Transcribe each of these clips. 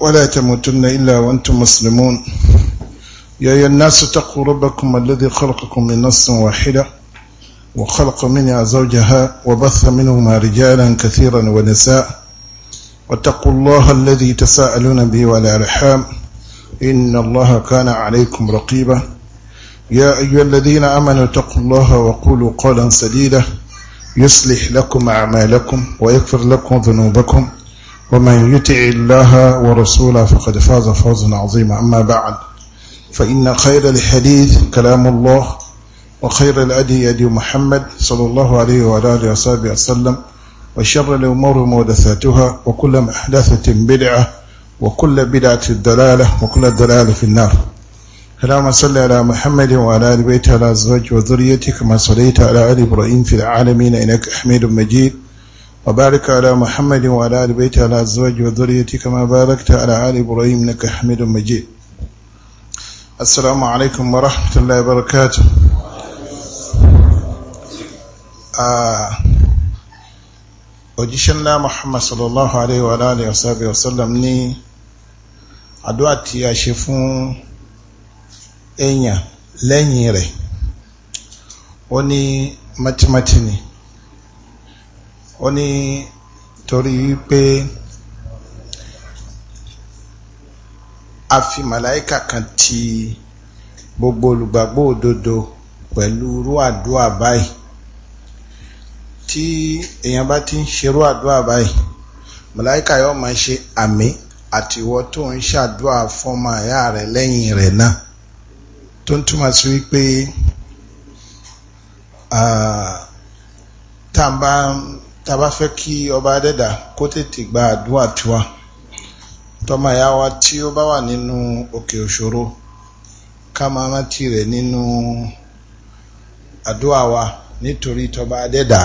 ولا تموتن إلا وأنتم مسلمون يا أيها الناس اتقوا ربكم الذي خلقكم من نص واحدة وخلق منها زوجها وبث منهما رجالا كثيرا ونساء واتقوا الله الذي تساءلون به والأرحام إن الله كان عليكم رقيبا يا أيها الذين أمنوا اتقوا الله وقولوا قولا سديدا يصلح لكم أعمالكم ويغفر لكم ذنوبكم ومن يطع الله ورسوله فقد فاز فوزا عظيما أما بعد فإن خير الحديث كلام الله وخير الأدي أدي محمد صلى الله عليه وعلى آله وصحبه وسلم وشر الأمور محدثاتها وكل محدثة بدعة وكل بدعة ضلالة وكل ضلالة في النار اللهم صل على محمد وعلى آل بيته وعلى ازواجه وذريته كما صليت على آل إبراهيم في العالمين إنك حميد مجيد وبارك على محمد وعلى آل بيته على أزواجه وذريته كما باركت على آل إبراهيم إنك حميد مجيد السلام عليكم ورحمة الله وبركاته òjíṣẹ́ ńlá Muhammad sallallahu alayhi wa alayhi wa sallam wa sallam ní àdúrà tí a ṣe fún èèyàn lẹ́yìn rẹ̀ ó ní mátímátì ni ó ní torí wípé a fi màláíkà kan ti gbogbo olùgbàgbọ́ òdodo pẹ̀lú irú àdúà báyìí tí èèyàn bá ti ń ṣerú àdúà báyìí màláíkà yóò máa ṣe àmì àti ìwọ tó ń ṣàdúà fọ́mọ ìyá rẹ̀ lẹ́yìn rẹ̀ náà tó ń túmọ̀ sí wípé tá a bá ń tàbá fẹ́ kí ọba adẹ́dà kó tètè gba àdúrà tiwa tọmọ ìyá wa tí ó bá wà nínú òkè òṣòro ká máa rántí rẹ̀ nínú àdúrà wa nítorí tọba adẹ́dà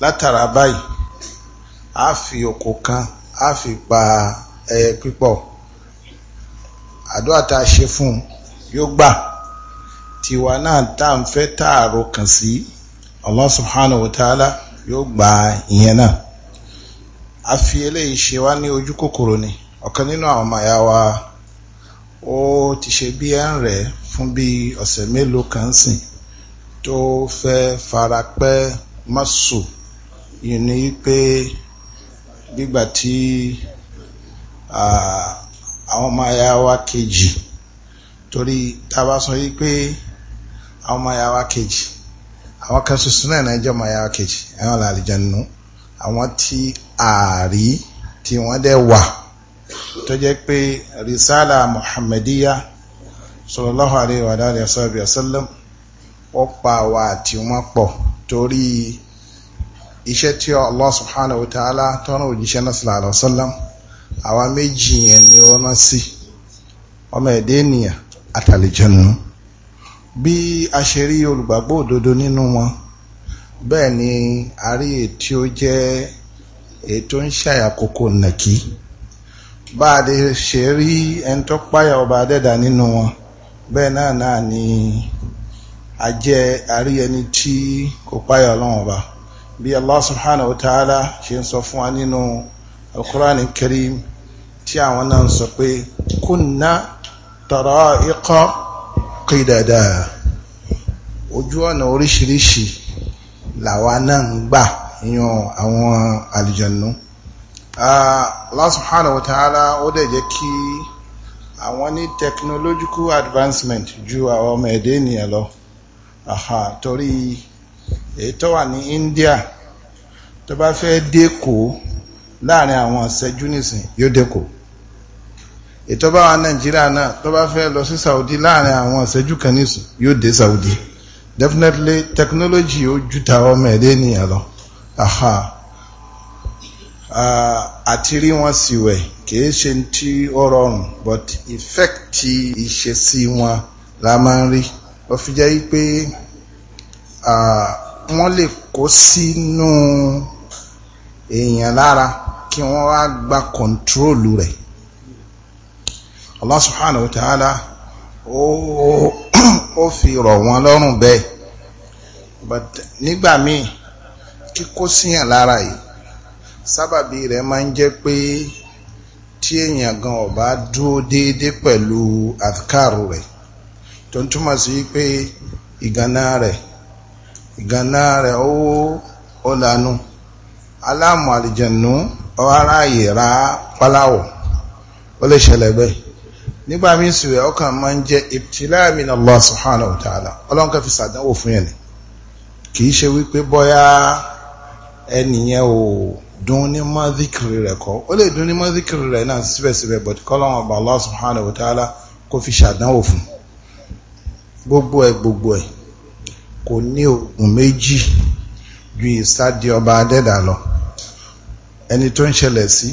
látara báyìí a fi òkò kan a fi pa ẹyẹ pípọ̀ àdúrà tá a ṣe fún yóò gbà tiwa náà tá à ń fẹ́ tààrò kàn sí. Si Allah subhanahu wa ta'ala yóò gba ìyẹn náà a fi eléyìí ṣe wá ní ojú kòkòrò ni ọ̀kan nínú àwọn ọmọ àyà wa ó ti ṣe bí ẹ̀ ń rẹ̀ fún bí ọ̀sẹ̀ mélòó kan sìn tó fẹ́ fara pẹ́ mọ́sù yìí ni pé gbígbà tí àwọn ọmọ àyà wa kejì torí tá a bá sọ yí pé àwọn ọmọ àyà wa kejì àwọn kan ṣoṣo náà náà jẹ́ ọmọ ayáwá kejì ẹ̀wọ̀n làlìjẹ́ nù àwọn tí ààrí tí wọ́n dẹ̀ wà tó jẹ́ pé risala muhammadiya sallallahu alayhi wa alayhi wa sallam wọ́n pa wà tí wọ́n pọ̀ torí iṣẹ́ tí Allah subhanahu wa ta'ala tọ́nà òjíṣẹ́ náà sallallahu alayhi wa méjì yẹn ni wọ́n rán sí ọmọ ẹ̀dẹ́ ènìyàn àtàlìjẹ́ nù bí a ṣe rí olùgbàgbọ́ òdodo nínú wọn bẹ́ẹ̀ ni a rí ètí ó jẹ́ ètò ń ṣàyàkókò nàkí bá a lè ṣe rí ẹni tó páyà ọba adẹ́dà nínú wọn bẹ́ẹ̀ náà náà ni a jẹ́ a rí ẹni tí kò páyà ọlọ́run ọba bí Allah subhanahu wa ta'ala ṣe ń sọ fún wa nínú al-Qur'an tí àwọn náà ń sọ pé kunna tara'iqa qidada ojú ọ̀nà oríṣiríṣi làwa náà ń gbà yan àwọn àlìjànú Allah subhanahu wa ta'ala ó dẹ̀ jẹ́ kí àwọn ní technological advancement ju àwọn ọmọ ẹ̀dẹ́ ènìyàn lọ àhà torí èyí tó wà ní India tó bá fẹ́ dẹ́kò láàrin àwọn ìṣẹ́jú yóò dẹ́kò ètò bá wa nàìjíríà náà tó bá fẹ́ lọ sí saudi láàrin àwọn ìṣẹ́jú kan nísù yóò dé saudi definitely technology ó ju ta ọmọ ẹ̀dẹ́ ènìyàn lọ aha àti rí wọn sì wẹ̀ kìí ṣe tí ó rọrùn but effect ti ìṣesí wọn la máa ń rí ó fi jẹ́ pé wọ́n lè kó sínú èèyàn lára kí wọ́n wá gba kọ̀ǹtrólù rẹ̀ Allah subhanahu wa ta'ala ó fi rọ̀ wọ́n lọ́rùn bẹ́ẹ̀ but nígbà míì kíkó síyàn lára yìí sábàbí rẹ̀ máa ń jẹ́ pé tí èèyàn gan ò bá dúró déédé pẹ̀lú àfikàrù rẹ̀ tó ń túmọ̀ sí pé ìgànnà rẹ̀ ìgànnà rẹ̀ ó ó lanú aláàmù àlìjẹ̀nú ọ̀ráyè ra pálawọ̀ ó lè ṣẹlẹ̀ bẹ́ẹ̀ nígbà míì sì rẹ̀ ọkàn máa ń jẹ́ ibtila min Allah subhanahu wa ta'ala ọlọ́run kan fi sàdánwò fún yẹn ni kì í ṣe wípé bọ́yá ẹnìyẹn ò dún ní mọ́díkìrì rẹ̀ kọ́ ó lè dún ní mọ́díkìrì rẹ̀ náà síbẹ̀síbẹ̀ bọ̀dí kọ́lọ́run ọba Allah subhanahu wa ta'ala fi sàdánwò fún gbogbo ẹ̀ gbogbo ẹ̀ kò ní oògùn méjì ju ìsádi ọba adẹ́dà lọ ẹni tó ń ṣẹlẹ̀ sí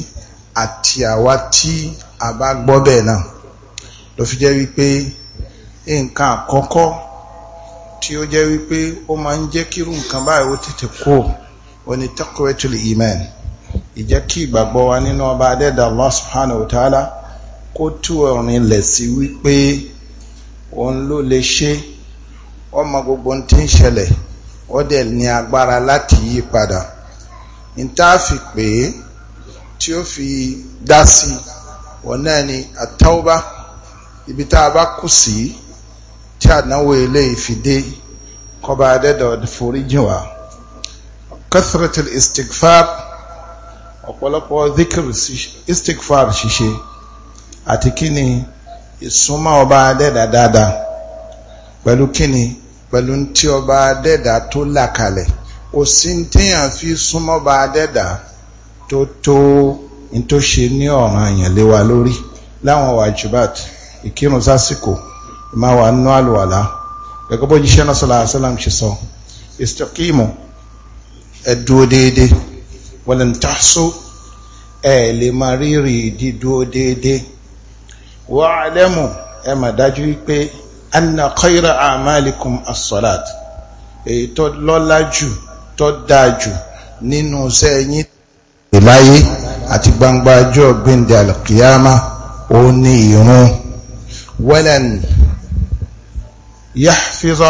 àti àwa tí a bá gbọ́ bẹ́ẹ̀ náà ló fi jẹ́ wípé nǹkan àkọ́kọ́ tí ó jẹ́ wípé ó máa ń jẹ́ kírú nǹkan báyìí ó tètè kó o ní taqwatul iman ìjẹ́ kí ìgbàgbọ́ wa nínú ọba adẹ́dà Allah subhanahu wa ta'ala kó tú ọ̀rìn lẹ̀ sí wípé òun ló lè ṣe ọmọ gbogbo tí ń ṣẹlẹ̀ ó dẹ̀ fi dá sí ọ̀nà ni àtàwọ́bá ibi tá a bá kù sí tí àdánwò eléyìí fi dé kọba adẹ́dọ̀ foríjìn wa kathratul istighfar ọ̀pọ̀lọpọ̀ zikir istighfar ṣíṣe àti kíni ìsúnmọ́ ọba adẹ́dà dáadáa pẹ̀lú kíni pẹ̀lú tí ọba adẹ́dà tó là kalẹ̀ kò sí téèyàn fi súnmọ́ ọba adẹ́dà tó tó ní tó ṣe ní ọ̀ràn àyànlé lórí láwọn wàjúbàtì ìkírun sásìkò máa wà nínú àlùwàlá gẹ́gẹ́ bó jíṣẹ́ náà sọ́lá àṣálàm ṣe sọ istaqimu ẹ dúró déédéé walan tahsu ẹ lè máa rírì dídúró déédéé wa'lamu ẹ mà dájú wípé anna khayra a'malikum as èyí tó lọ́lá jù tó dáa jù nínú iṣẹ́ yín ìláyé àti gbangba ọjọ́ gbẹ̀ndẹ̀ àlùkìyàmá ó ní ìrun ولن يحفظ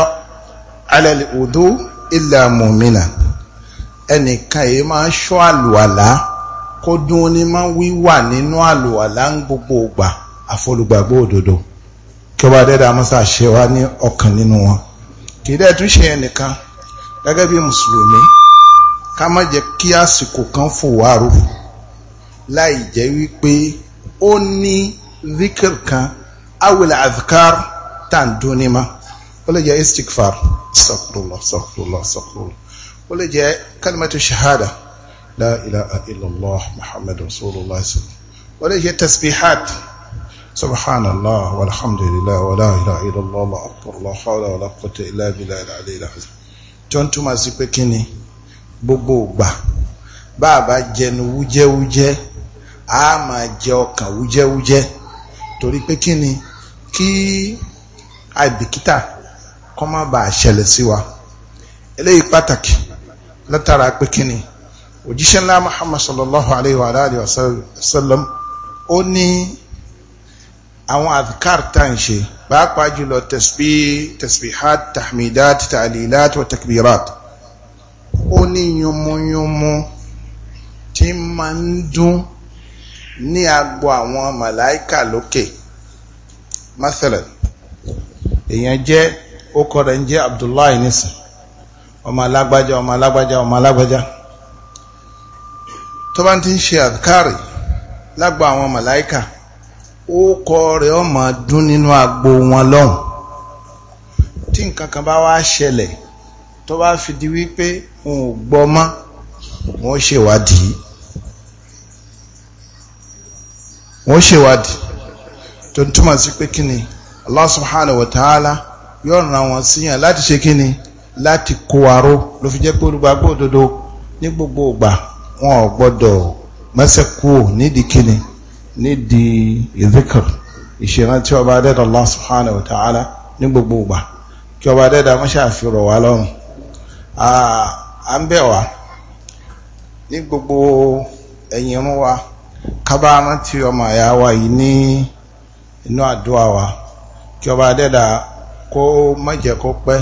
على الوضوء إلا مؤمنا ẹnìkan yìí máa ń ṣọ́ àlùwàlá kó dún ní máa wíwà nínú àlùwàlá ń gbogbo ògbà àfolùgbàgbọ́ òdodo kí ọba dẹ́dà amúsà ṣe wá ní ọkàn nínú wọn kì í dẹ́ tún ṣe ẹnìkan gẹ́gẹ́ bí mùsùlùmí ká má jẹ́ kí àsìkò kan fò wá rú láì jẹ́ wípé ó ní zikir kan awil adhkar tá à ń dún ní ma ó lè jẹ́ istikfar sọ̀kúrúlọ̀ sọ̀kúrúlọ̀ sọ̀kúrúlọ̀ ó lè jẹ́ kalimatu shahada la ilaha illallah muhammad rasulullah ó lè jẹ́ tasbihat subhanallah walhamdulillah wa la ilaha illallah wa akbar la hawla wa la quwwata illa billah al-ali al-azim tó ń túmọ̀ sí pé kíni gbogbo ògbà bá a bá jẹnu wújẹ́wújẹ́ a máa jẹ ọkàn wújẹ́wújẹ́ torí pé kíni kí àìbìkítà kọ́ má bàa ṣẹlẹ̀ sí wa eléyìí pàtàkì látara pé kí ni òjíṣẹ́ ńlá Muhammad sallallahu alayhi wa alayhi wa sallam ó ní àwọn adhkar tá ń ṣe pàápàá jùlọ tasbih tasbihat tahmidat ta'lilat wa takbirat ó ní yúnmúyúnmú tí máa ń dún ní agbo àwọn màláìkà lókè. Okay mathalan èèyàn jẹ́ ó kọ́ rẹ̀ ń jẹ́ Abdullahi nisan ọmọ alágbájá ọmọ alágbájá ọmọ alágbájá tó bá ti ń ṣe àdkárì lágbo àwọn màláíkà ó kọ́ rẹ̀ ó máa dún nínú agbo wọn lọ́hùn tí nǹkan kan bá wá ṣẹlẹ̀ tó bá fi di wípé wọn ò gbọ́ mọ́ wọ́n ṣèwádìí wọ́n ṣèwádìí tó ń túmọ̀ kini, Allah subhanahu wa ta'ala yóò ràn wọ́n síyàn láti ṣe kíni láti kó aró ló fi jẹ́ pé olùgbàgbọ́ òdodo ní gbogbo ìgbà wọn ò gbọ́dọ̀ mẹ́sẹ̀ kúrò nídìí kíni nídìí ìzíkìr ìṣèrántí ọba adẹ́dàá Allah subhanahu wa ta'ala ní gbogbo ìgbà kí ọba adẹ́dàá mọ́ṣẹ́ àfihàn wà lọ́rùn à ń bẹ̀ wá ní gbogbo ẹ̀yìn wa kábàámọ́ tí ọmọ àyà wa yìí ní. inú àdúwà wa kí ọba adẹ́dà kó mọ́jẹ̀ kó pẹ́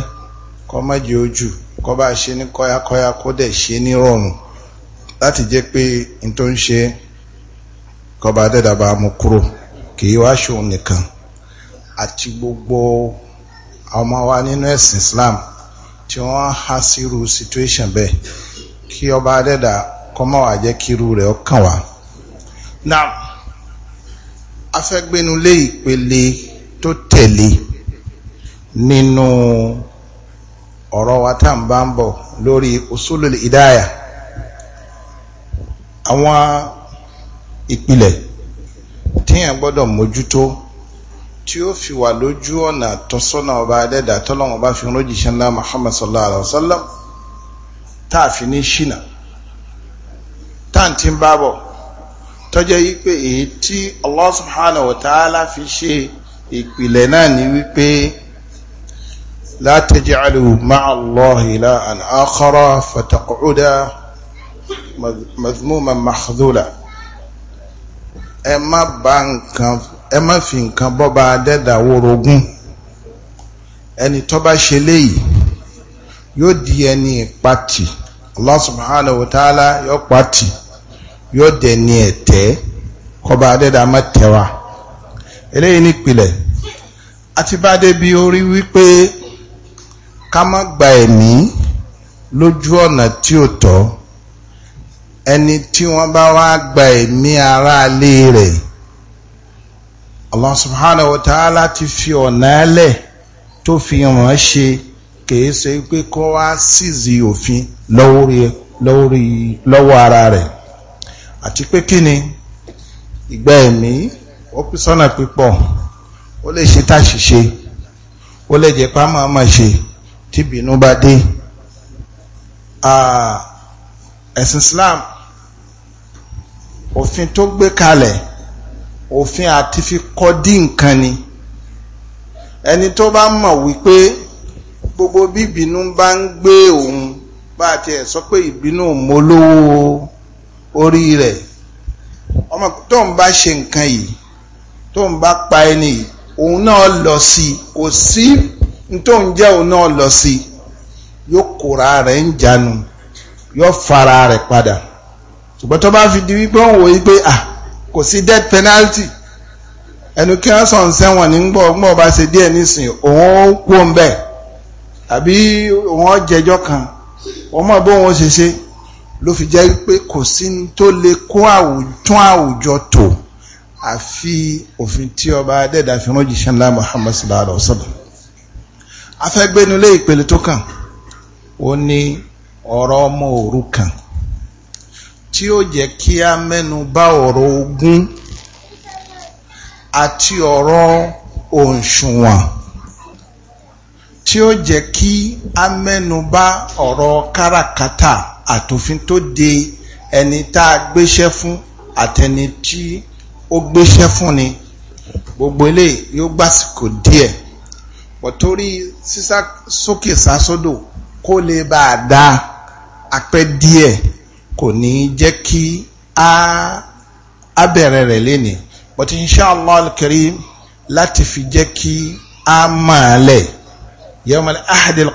kó mọ́jẹ̀ ojú kó bá ṣe ní kọ́yákọ́yá kó dẹ̀ ṣe ní rọrùn láti jẹ́ pé n tó ń ṣe kọba adẹ́dà bá mú kúrò kì í wá ṣòun nìkan àti gbogbo ọmọ wa nínú ẹ̀sìn Islam tí wọ́n há sírú situation bẹ́ẹ̀ kí ọba afẹ́gbénulé ìpele tó tẹ̀lé nínú ọ̀rọ̀ wa tá ń bá ń bọ̀ lórí usulul ìdáyà àwọn ìpìlẹ̀ tíyàn gbọ́dọ̀ mójútó tí ó fi wà lójú ọ̀nà tọ́sọ́nà ọba adẹ́dà tọ́lọ́wọ́n bá fi rójìṣẹ́ ńlá Muhammad sallallahu alaihi wasallam táàfin ní ṣìnà táàntí ń bá bọ̀ tọ́jẹ́ wípé èyí tí Allah subhanahu wa ta'ala fi ṣe ìpìlẹ̀ náà ni wípé la taj'alu ma'a Allahi ilahan akhara fataq'uda mazmuman makhzula ẹ má bá nǹkan ẹ má fi nǹkan bọ́ba dẹ́dà wórogún ẹni tó bá ṣe léyìí yóò di ẹni pati Allah subhanahu wa ta'ala yóò pati yóò dẹ̀ ní ẹ̀tẹ́ kọba adẹ́dà má tẹ́wà eléyìí nípìlẹ̀ àti bá débi orí wípé ká má gba ẹ̀mí lójú ọ̀nà tí ò tọ́ ẹni tí wọ́n bá wá gba ẹ̀mí ara ilé rẹ̀ Allah subhanahu wa ta'ala ti fi ọ̀nà ẹlẹ̀ tó fi hàn ṣe kìí ṣe pé kó wá sízi òfin lọ́wọ́ ara rẹ̀ àti pé kí ni ìgbà ẹ̀mí ó pín sọ́nà pípọ̀ ó lè ṣe táṣìṣe ó lè jẹ́ pa máa máa ṣe tí bínú bá dé ẹ̀sìn Islam òfin tó gbé kalẹ̀ òfin àti fi kọ́ dí nǹkan ni ẹni tó bá mọ̀ wípé gbogbo bí ìbínú bá ń gbé òun bá tiẹ̀ sọ pé ìbínú mọ́ lówó o orí rẹ̀ ọmọ tó ń bá ṣe nǹkan yìí tó ń bá pa ẹni náà lọ sí kò sí tó ń jẹ́ òun náà lọ sí yóò kóra rẹ̀ ń jánu yóò fara rẹ̀ padà ṣùgbọ́n tó bá fi di wípé òun wò yí pé ah kò sí death penalty ẹnu kí wọ́n sẹ́wọ̀n ní gbọ́ kan mọ̀ ló fi jẹ́ pé kò sí tó lè kó àwùjọ àwùjọ tò àfi òfin tí ọba adẹ́dà fi rán jíṣẹ́ ńlá Muhammad sallallahu alaihi wasallam afẹ́gbénulé ìpele tó kàn ó ní ọ̀rọ̀ ọmọ òrukàn tí ó jẹ́ kí a mẹ́nu bà ọ̀rọ̀ ogún àti ọ̀rọ̀ òǹṣùwọ̀n tí ó jẹ́ kí a mẹ́nu bà ọ̀rọ̀ káràkátà àtòfin tó de ẹni tá a gbéṣẹ́ fún àtẹni tí ó gbéṣẹ́ fún ni gbogbo eléyìí yóò gbàsìkò díẹ̀ pọ̀tórí sísá sókè sásódò kó lè bá a dá apẹ́ díẹ̀ kò ní jẹ́ kí a bẹ̀rẹ̀ rẹ̀ lénìí but inshallah al-karim láti fi jẹ́ kí a máa lẹ̀ yawm al-ahad al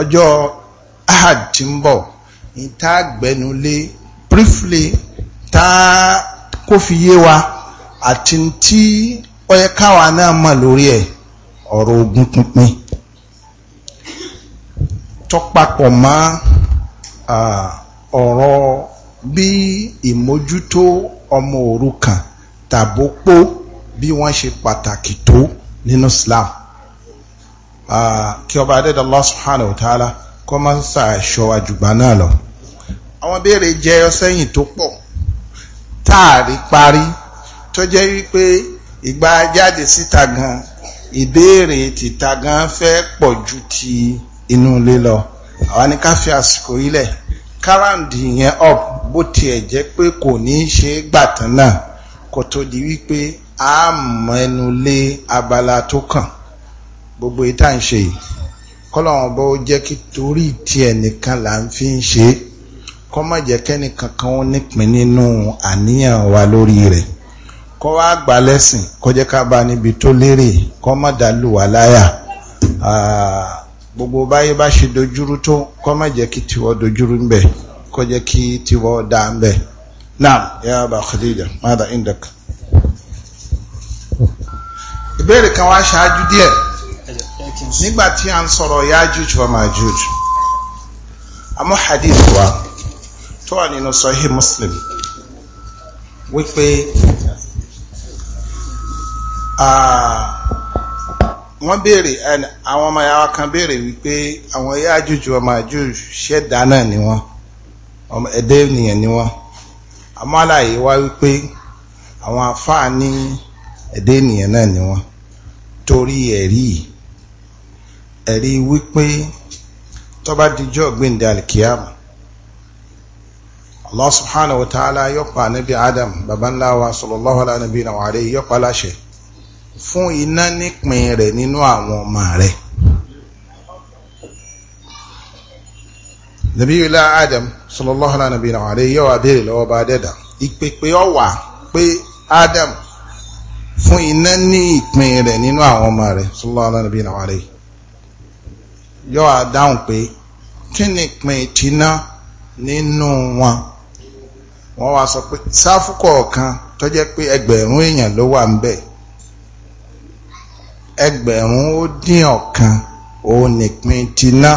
ọjọ́ ahad tí ń bọ̀ ìta gbẹnulé briefly tá kó fi yé wa àti tí ó yẹ káwa náà mọ̀ lórí ẹ̀ ọ̀rọ̀ ogun pínpín tọ́papọ̀ mọ́ ọ̀rọ̀ bí ìmójútó ọmọ òrukàn tàbópó bí wọ́n ṣe pàtàkì tó nínú Islam kí ọba adẹ́dàá subhanahu wa ta'ala kọ́ máa ń sàṣọ àjùgbà náà lọ àwọn béèrè jẹyọ sẹ́yìn tó pọ̀ táàrí parí tó jẹ́ wípé ìgbà jáde síta gan ìbéèrè tìta gan fẹ́ pọ̀ ju ti inú ilé lọ àwa ní ká fi àsìkò ilẹ̀ káràǹdì yẹn up bó tiẹ̀ jẹ́ pé kò ní í ṣe gbà tán náà kò tó di wípé a mẹ́nu lé abala tó kàn gbogbo ìta ń ṣe yìí kọ́lọ́wọ́n bó jẹ́ kí torí tiẹ̀ nìkan là ń fi ń ṣe é kọ́ má jẹ́ kẹ́ni kankan ó nípìn nínú àníyàn wa lórí rẹ̀ kọ́ wá gbà lẹ́sìn kọ́ jẹ́ ká bá níbi tó lérè kọ́ má dàlù wà láyà gbogbo báyé bá ṣe dojúrú tó kọ́ má jẹ́ kí tiwọ́ dojúrú ń bẹ̀ kọ́ jẹ́ kí tiwọ́ dá ń bẹ̀ naam ya ba Khadija mada indak ìbéèrè kan wá ṣáájú díẹ̀ nígbà tí a ń sọ̀rọ̀ Yajuj wa Majuj àmọ́ hadith wa. tó wà nínú Sahih Muslim wípé ah, wọ́n béèrè àwọn ọmọ yàwá kan bèèrè wípé àwọn ẹ̀yà àjújù ọmọ àjújù ṣẹ̀dá náà ni wọ́n ọmọ ẹ̀dá ènìyàn ni wọ́n àmọ́ àlàyé wá wípé àwọn àfáà ní ẹ̀dá ènìyàn náà ni wọ́n torí ẹ̀rí ẹ̀rí wípé tó dijọ́ gbéǹde alikiyama Allah subhanahu wa ta'ala yóò pa níbi Adam babanláwa sallallahu alaihi nabiyina wa alayhi yóò pa láṣẹ fún iná nípìn rẹ̀ nínú àwọn ọmọ rẹ̀ nabiyula Adam sallallahu alaihi nabiyina wa alayhi yóò wá béèrè lọ́wọ́ bá dẹ́dà ìpèpè ọ̀wà pé Adam fún iná ní ìpín rẹ̀ nínú àwọn ọmọ rẹ̀ sallallahu alaihi nabiyina wa alayhi yóò wá dáhùn pé kí wọ́n wá sọ pé sáfù kọ̀ọ̀kan tó jẹ́ pé ẹgbẹ̀rún èèyàn ló wà ń bẹ̀ ẹgbẹ̀rún ó dín ọ̀kan òun nìpín ti ná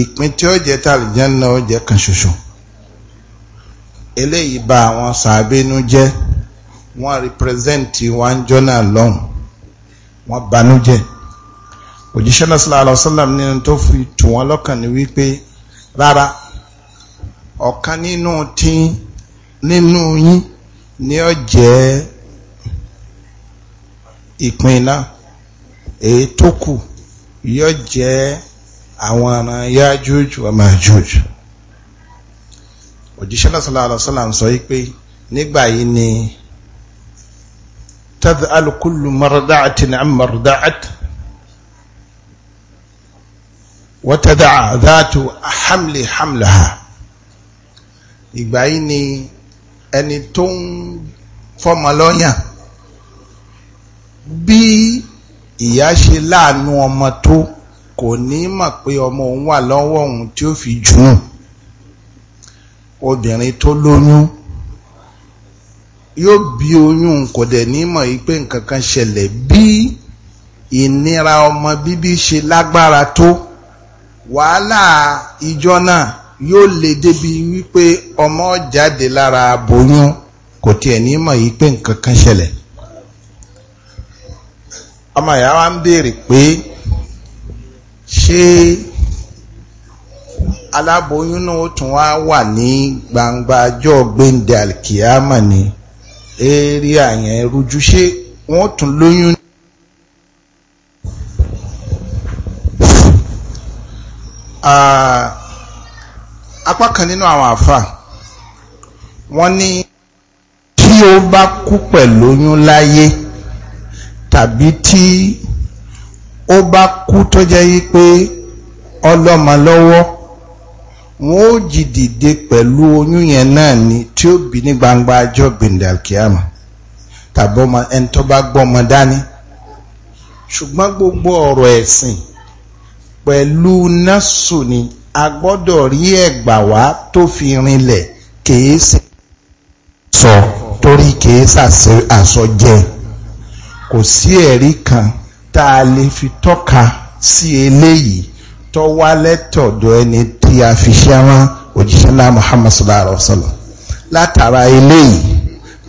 ìpín tí ó jẹ́ tàlìjánná ó jẹ́ kan ṣoṣo eléyìí bà àwọn sàbínú jẹ́ wọ́n rìpírẹ́sẹ̀ǹtì wọn jọ́nà lọ́hùn wọ́n banújẹ́ òjíṣẹ́ náà sallallahu alaihi nínú tó fi tù wọ́n lọ́kàn ní wípé rárá ọ̀kan nínú tí nínú yín ni ó jẹ́ ìpín iná èyí tó kù yóò jẹ́ àwọn ará Yájúj wa Májúj òjíṣẹ́ sallallahu alaihi wasallam sọ wípé nígbà yìí ni tad'alu kullu marda'atin amma arda'at wa tad'a dhatu hamli hamlaha ìgbà yìí ni ẹni tó ń fọmọ lọ́yàn bí ìyá ṣe láàánú ọmọ tó kò ní mọ̀ pé ọmọ òun wà lọ́wọ́ òun tí ó fi jùún obìnrin tó lóyún yóò bí oyún kò dẹ̀ ní mọ̀ yìí pé nǹkan kan ṣẹlẹ̀ bí ìnira ọmọ bíbí ṣe lágbára tó wàhálà ìjọ náà yóò lè débi wípé ọmọ jáde lára aboyún kò tiẹ̀ ní mọ̀ yìí pé nǹkan kan ṣẹlẹ̀ ọmọ ìyá wa ń béèrè pé ṣé aláboyún náà tún wá wà ní gbangba ọjọ́ gbéǹde alkiyama ni eré àyàn rújú ṣé wọ́n tún lóyún. Uh, apá kan nínú àwọn àfà wọ́n ní tí ó bá kú pẹ̀lú oyún láyé tàbí tí ó bá kú tó jẹ́ yí pé ọlọ́mọ lọ́wọ́ wọ́n ó jí dìde pẹ̀lú oyún yẹn náà ni tí ó bí ní gbangba ajọ́ gbìndàkíàmà tàbí ọmọ ẹni tó bá gbọ́mọ dání ṣùgbọ́n gbogbo ọ̀rọ̀ ẹ̀sìn pẹ̀lú násù ni a gbọ́dọ̀ rí ẹ̀gbà wá tó fi rinlẹ̀ kìí ṣe sọ torí kìí ṣàṣọjẹ kò sí ẹ̀rí kan tá a lè fi tọ́ka sí eléyìí tó wá lẹ́tọ̀dọ̀ ẹni tí a fi ṣẹ́wọ́n òjíṣẹ́ náà Muhammad sallallahu alaihi wa sallam látara eléyìí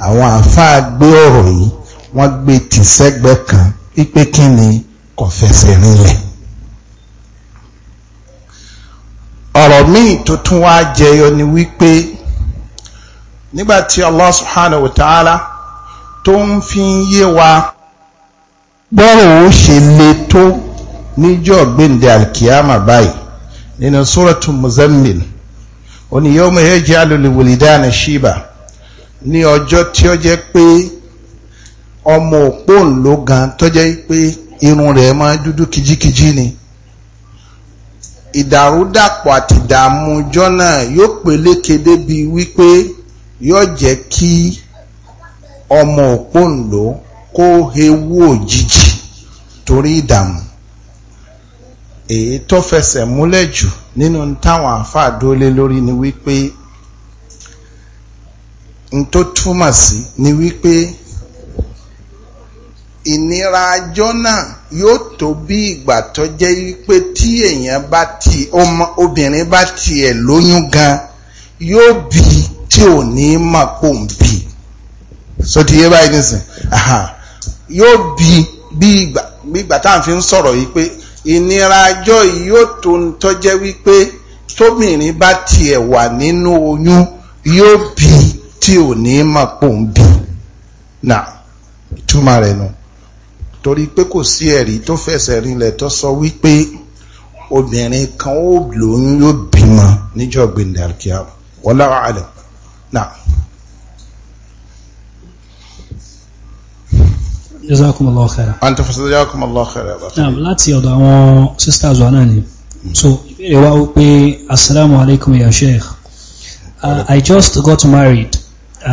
àwọn àáfàá gbé ọ̀rọ̀ yìí wọ́n gbé tìṣẹ́gbẹ́ kan wípé kí ni kò fẹsẹ̀ rinlẹ̀. ọ̀rọ̀ míì tó tún wá jẹyọ ni wípé nígbàtí Allah subhanahu wa ta'ala tó ń fi yé wa bọ́rọ̀ ó ṣe le tó níjọ́ gbẹ̀ndẹ̀ alkiyama báyìí nínú suratul muzammil ó ní yawma yaj'alul wulidana shiba ní ọjọ́ tí ó jẹ́ pé ọmọ òpó ńlọ gan tó jẹ́ pé irun rẹ̀ máa dúdú kìjikìji ni ìdàrúdàpọ̀ àti ìdààmú náà yóò peléke débi wípé yóò jẹ́ kí ọmọ òpóǹlò kó hewu òjijì torí ìdààmú èyí tó fẹsẹ̀ múlẹ̀ jù nínú táwọn àáfàá dólé lórí ni wípé n tó túmọ̀ sí ni wípé ìnira ajọ́ náà yóò tó bí ìgbà tó wípé tí èèyàn bá ti ọmọ obìnrin bá tiẹ̀ lóyún gan yóò bí tí ò ní mọ̀ kó ń bí so ti yé báyìí nísìn yóò bí bí ìgbà tá à ń fi sọ̀rọ̀ yìí pé ìnira ajọ́ yìí yóò tó ń tọ́jẹ́ wípé tóbìnrin bá tiẹ̀ wà nínú oyún yóò bí tí ò torí pé kò sí ẹ̀rí tó fẹsẹ̀ rinlẹ̀ tó sọ wípé obìnrin kan ó lóyún yóò bímọ níjọ́ gbẹ̀ndẹ̀ àkíyà wallahu a'lam náà. jazakumullahu khairan. anta fasada jazakumullahu khairan. naam láti ọ̀dọ̀ àwọn sisters wa náà ni. Hmm. so ìbéèrè wa ó pé asalaamu alaykum ya sheikh uh, i just got married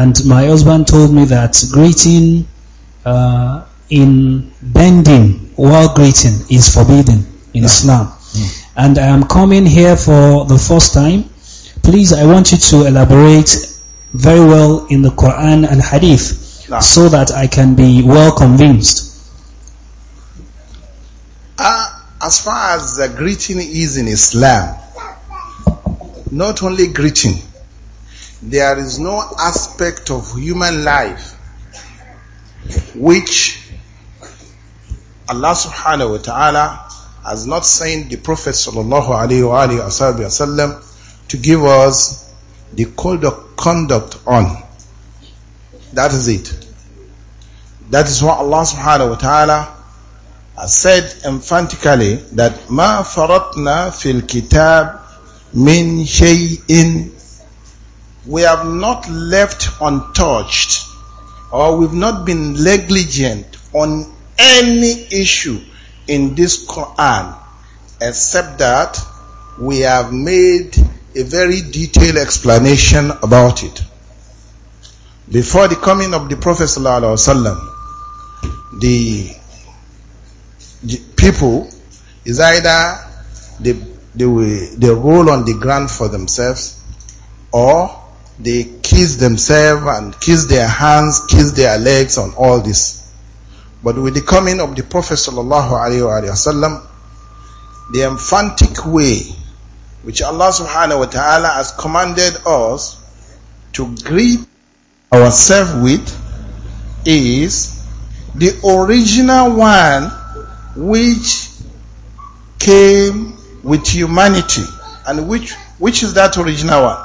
and my husband told me that greeting. Uh, in bending while greeting is forbidden in yeah. Islam. Mm. And I am coming here for the first time. Please, I want you to elaborate very well in the Quran and Hadith so that I can be well convinced. Uh, as far as the uh, greeting is in Islam, not only greeting, there is no aspect of human life which Allah subhanahu wa ta'ala has not sent the Prophet sallallahu alayhi wa sallam to give us the code of conduct on. That is it. That is what Allah subhanahu wa ta'ala has said emphatically that ma faratna fil kitab min shayin. We have not left untouched or we've not been negligent on any issue in this Quran except that we have made a very detailed explanation about it. Before the coming of the Prophet Alaihi Wasallam, the people is either they, they, will, they roll on the ground for themselves or they kiss themselves and kiss their hands, kiss their legs and all this. But with the coming of the Prophet sallallahu alaihi wasallam, the emphatic way which Allah subhanahu wa ta'ala has commanded us to greet ourselves with is the original one which came with humanity and which which is that original one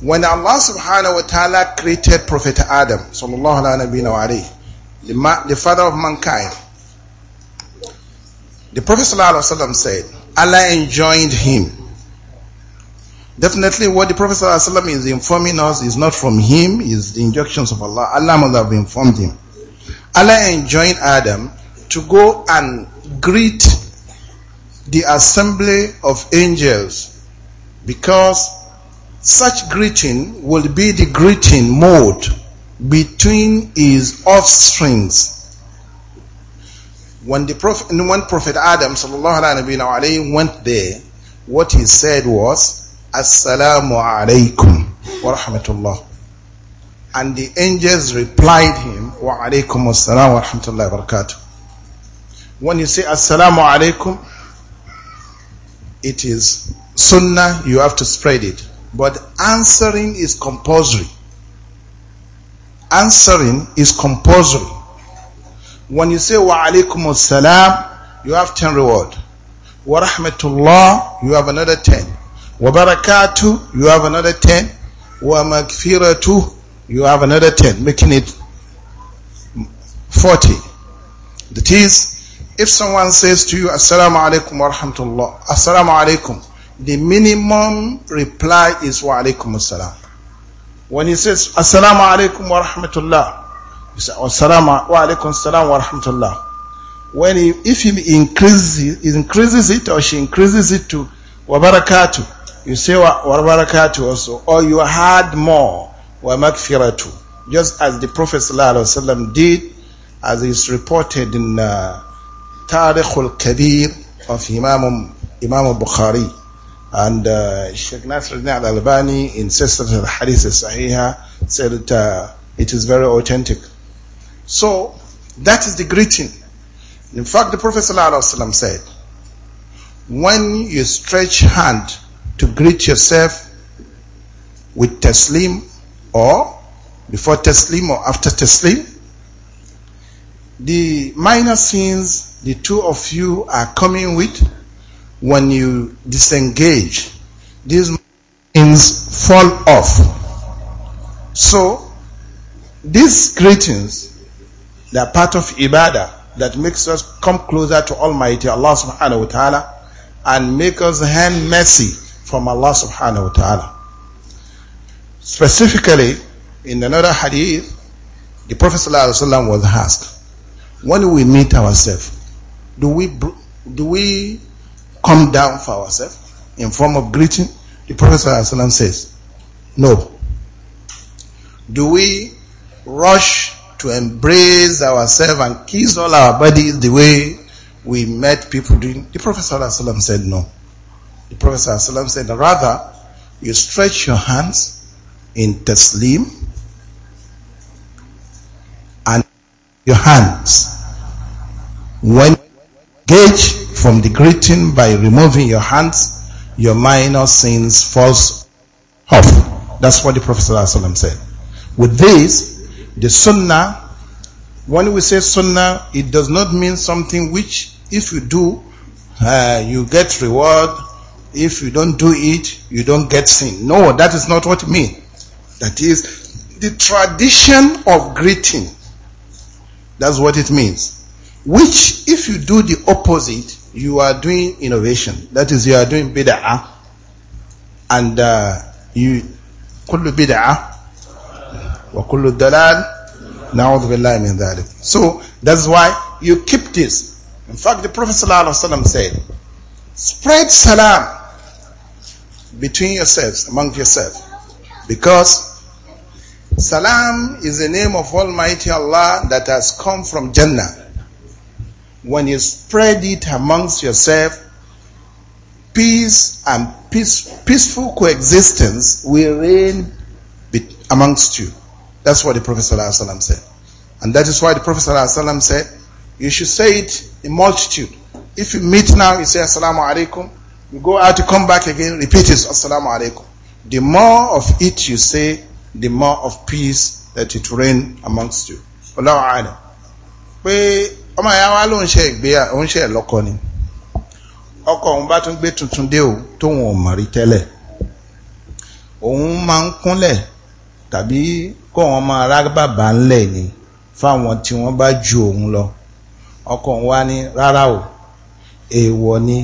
when Allah subhanahu wa ta'ala created prophet Adam sallallahu alaihi the, ma- the father of mankind. The Prophet ﷺ said, Allah enjoined him. Definitely what the Prophet ﷺ is informing us is not from him, is the injunctions of Allah. Allah must have informed him. Allah enjoined Adam to go and greet the assembly of angels because such greeting will be the greeting mode between his offsprings. When the prophet, when Prophet Adam وسلم, went there, what he said was, Assalamu alaykum wa rahmatullah. And the angels replied him, Wa alaykum assalam wa rahmatullahi wa barakatuh. When you say Assalamu alaykum, it is sunnah, you have to spread it. But answering is compulsory answering is compulsory. When you say wa alaikum salam, you have 10 reward. Wa rahmatullah, you have another 10. Wa barakatuh, you have another 10. Wa magfiratuh, you have another 10, making it 40. That is, if someone says to you, Assalamu alaikum wa rahmatullah, Assalamu alaikum, the minimum reply is wa alaikum assalam. When he says, Assalamu alaikum wa rahmatullah, you say, Assalamu wa alaikum salam wa rahmatullah. When he, if he increases, he increases it or she increases it to wa you say wa, also, or you add more, wa Just as the Prophet ﷺ did, as is reported in uh, Tariq al-Kabir of Imam, Imam al-Bukhari. And uh, Sheikh Nasruddin al-Albani insisted that the hadith is sahih, said that uh, it is very authentic. So, that is the greeting. In fact, the Prophet ﷺ said, when you stretch hand to greet yourself with taslim or before taslim or after taslim, the minor sins the two of you are coming with when you disengage, these things fall off. So, these greetings, they are part of ibadah that makes us come closer to Almighty Allah subhanahu wa ta'ala and make us hand mercy from Allah subhanahu wa ta'ala. Specifically, in another hadith, the Prophet was asked, when we meet ourselves, do we, do we come down for ourselves in form of greeting? The Prophet says, No. Do we rush to embrace ourselves and kiss all our bodies the way we met people doing? The Prophet said, No. The Prophet said, Rather, you stretch your hands in taslim and your hands when engage from the greeting by removing your hands, your minor sins falls off. That's what the Prophet ﷺ said. With this, the sunnah, when we say sunnah, it does not mean something which, if you do, uh, you get reward. If you don't do it, you don't get sin. No, that is not what it means. That is the tradition of greeting. That's what it means. Which, if you do the opposite, you are doing innovation. That is, you are doing bid'ah, and uh, you كل bid'ah وكل dalal نعوذ بالله من ذلك. So that's why you keep this. In fact, the Prophet ﷺ said, "Spread salam between yourselves, among yourselves, because salam is the name of Almighty Allah that has come from Jannah." when you spread it amongst yourself, peace and peace, peaceful coexistence will reign amongst you. That's what the Prophet ﷺ said. And that is why the Prophet ﷺ said, you should say it in multitude. If you meet now, you say Assalamu alaikum. You go out, you come back again, repeat it, Assalamu alaikum. The more of it you say, the more of peace that it reign amongst you. Allah Alam. ọmọ ìyá wa ló ń ṣe ìgbéyà ó ń ṣe lọ́kọ ni ọkọ òun bá tún gbé tuntun dé o tóun ò mọ̀ tẹ́lẹ̀ òun máa ń kúnlẹ̀ tàbí kó wọn máa rá ńlẹ̀ ni fáwọn tí wọ́n bá ju òun lọ ọkọ òun wá ní rárá o èèwọ̀ ni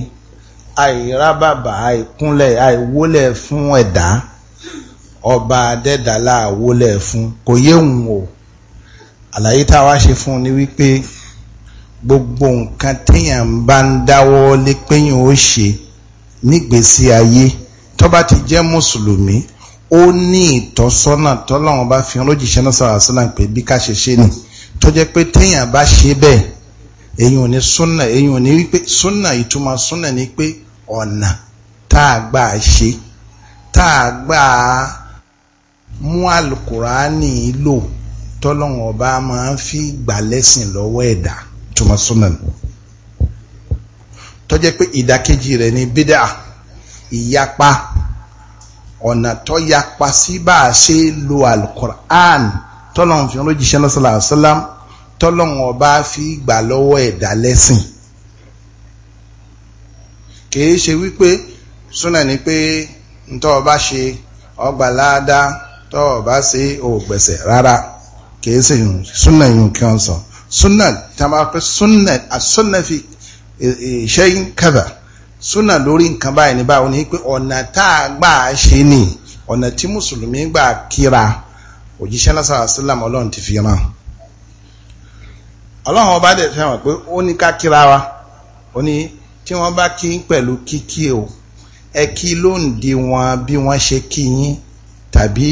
àìrá bàbá àìkúnlẹ̀ àìwólẹ̀ fún ẹ̀dá ọba adẹ́dàlá àwólẹ̀ fún kò yéhùn o àlàyé táwa ṣe fún ni wípé gbogbo nǹkan téèyàn bá ń dáwọ́ lé péyàn ó ṣe nígbésí ayé tó bá ti jẹ́ mùsùlùmí ó ní ìtọ́sọ́nà tọ́lọ́run bá fi ọlójìṣẹ́ náà sọ̀rọ̀ sílẹ̀ pé bí ká ṣe ṣe ni tó jẹ́ pé téèyàn bá ṣe bẹ́ẹ̀ èyí ò ní súnà èyí ò ní wípé súnà ìtumọ̀ súnà ni pé ọ̀nà tá a gbà ṣe tá a gbà mú àlùkùránì lò tọ́lọ́run ọba máa ń fi gbà lẹ́sìn lọ́wọ́ ẹ̀dá. E ìtumọ̀ sunan tó jẹ́ pé ìdàkejì rẹ̀ ni bídà ìyapa ọ̀nà tó yapa sí bá a ṣe lo alukur'an tọ́lọ́n fi ọlọ́jì ṣẹlẹ̀ sàlàsálàm tọ́lọ́n ọba fi gbà lọ́wọ́ ẹ̀dá lẹ́sìn kìí ṣe wípé súnà ni pé ntọ́ ọba ṣe ọgbà láàdá tọ́ ọba ṣe ògbẹ̀sẹ̀ rárá kìí ṣe súnà yìí kí wọ́n sọ sunna tá a máa pẹ́ sunna as-sunna fi e, e, shay'in kadha sunna lórí nǹkan báyìí ní báwo ni pé ọ̀nà tá a gbà ṣe ni ọ̀nà tí mùsùlùmí gbà kíra òjíṣẹ́ lásán àṣìlám ọlọ́run ti fi ràn ọlọ́run ọba dẹ̀ fi hàn pé ó ní ká kíra wa ó ní tí wọ́n bá kí pẹ̀lú kíkí o ẹ kí ló ń di wọn bí wọ́n ṣe kí yín tàbí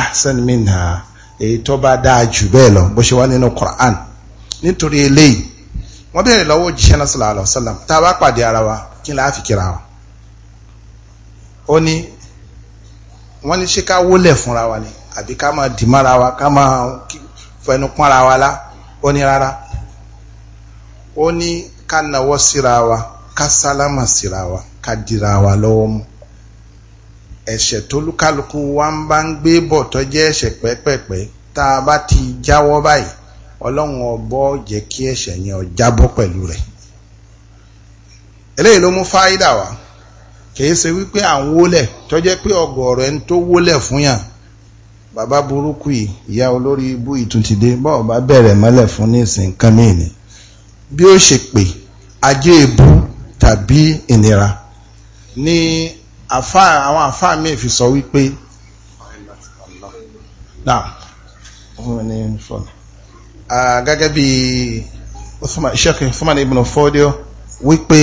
ahsan minha èyí tó bá dáa jù bẹ́ẹ̀ lọ bó ṣe wá nínú Qur'an nítorí eléyìí wọ́n bèèrè lọ́wọ́ òjíṣẹ́ náà sallallahu alaihi wasallam tá a bá pàdé ara wa kí la fi kíra wa ó ní wọ́n ní ṣé ká wólẹ̀ fúnra wa ni àbí ká máa dì mára wa ká máa fẹnu pọ́nra wa lá ó ní rárá ó ní ká nawọ́ síra wa ká sálámà síra wa ká dira wa lọ́wọ́ mú ẹ̀ṣẹ̀ tólúkálukú wa ń bá ń gbé bọ̀ tó jẹ́ ẹ̀ṣẹ̀ pẹ́pẹ̀pẹ́ tá a bá ti jáwọ́ báyìí ọlọ́run ọbọ̀ jẹ́ kí ẹ̀ṣẹ̀ yẹn ó jábọ́ pẹ̀lú rẹ̀ eléyìí ló mú fáídà wá kìí ṣe wípé à ń wólẹ̀ tó jẹ́ pé ọgọ̀ọ̀rọ̀ ẹni tó wólẹ̀ fún yàn bàbá burúkú yìí ìyá olórí ibú ìtúntìdé bọ́ọ̀ bá bẹ̀rẹ̀ mọ́lẹ̀ fún ní ìsìn nǹkan míì ni bí ó ṣe pè ajé èbú tàbí ìnira ní Afa, àwọn afa mi fi sọ wípé gẹ́gẹ́ bí Sheikh Uthman ibn Fodio wípé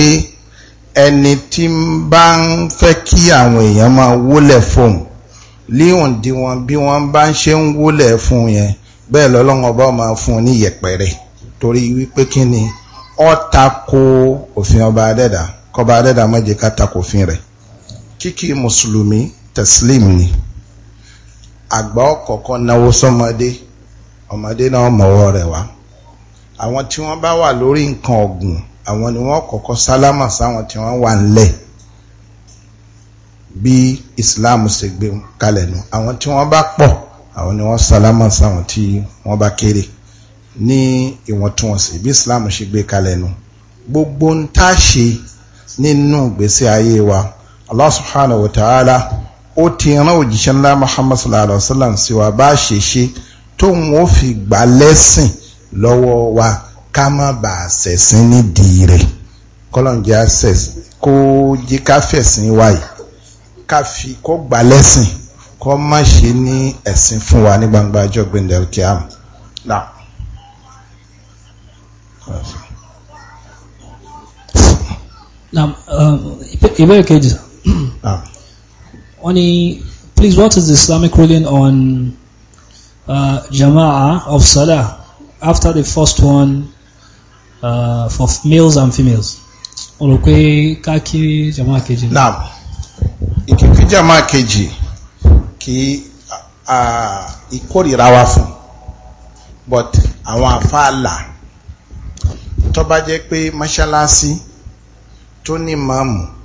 ẹni tí bá ń fẹ́ kí àwọn èèyàn máa wólẹ̀ fún líhùn dí wọn bí wọ́n bá ń ṣe ń wólẹ̀ fún yẹn bẹ́ẹ̀ lọ́lọ́wọ́ bá máa fún ní yẹ̀pẹ̀rẹ̀ torí wípé kí ni ó tako òfin ọba adẹ́dà kọba adẹ́dà má ká tako òfin rẹ̀ kíkí mùsùlùmí tẹ̀sílìm ni àgbà ọ̀kọ̀ọ̀kọ́ náwó sọmọdé ọmọdé náà mọ̀wọ́ rẹ̀ wá àwọn tí wọ́n bá wà lórí nǹkan ọ̀gùn àwọn ni wọ́n kọ́kọ́ sálámà sáwọn tí wọ́n wà ńlẹ̀ bí Islam ṣe gbé kalẹ̀ nu àwọn tí wọ́n bá pọ̀ àwọn ni wọ́n sálámà sáwọn tí wọ́n bá kéré ní ìwọ̀ntúnwọ̀nsì bí Islam ṣe gbé kalẹ̀ nu gbogbo ń tá nínú ìgbésí ayé wa Allah subhanahu wa ta'ala ó ti rán òjíṣẹ́ ńlá Muhammad sallallahu alaihi wa sallam sí wa bá ṣe ṣe tóun ó fi gbà lẹ́sìn lọ́wọ́ wa ká má bàa ṣẹ̀sìn nídìí rẹ̀ kọ́lọ́njẹ́ kó jí ká fẹ̀sìn wáyé ká fi kó gbà lẹ́sìn kó má ṣe ní ẹ̀sìn fún wa ní gbangba ọjọ́ gbẹ̀ndẹ̀ kíám. Naam, um, ìbéèrè kejì. Ah. Oni, please what is the Islamic ruling on uh, jama'ah of salah after the first one uh, for males and females? o rò pé ká kí jama'ah kejì. naam ìkíkí jama'ah kejì kí ìkórìíra wa fún but àwọn àfáàlà tó bá jẹ́ pé mọ́ṣáláṣí tó ní màmù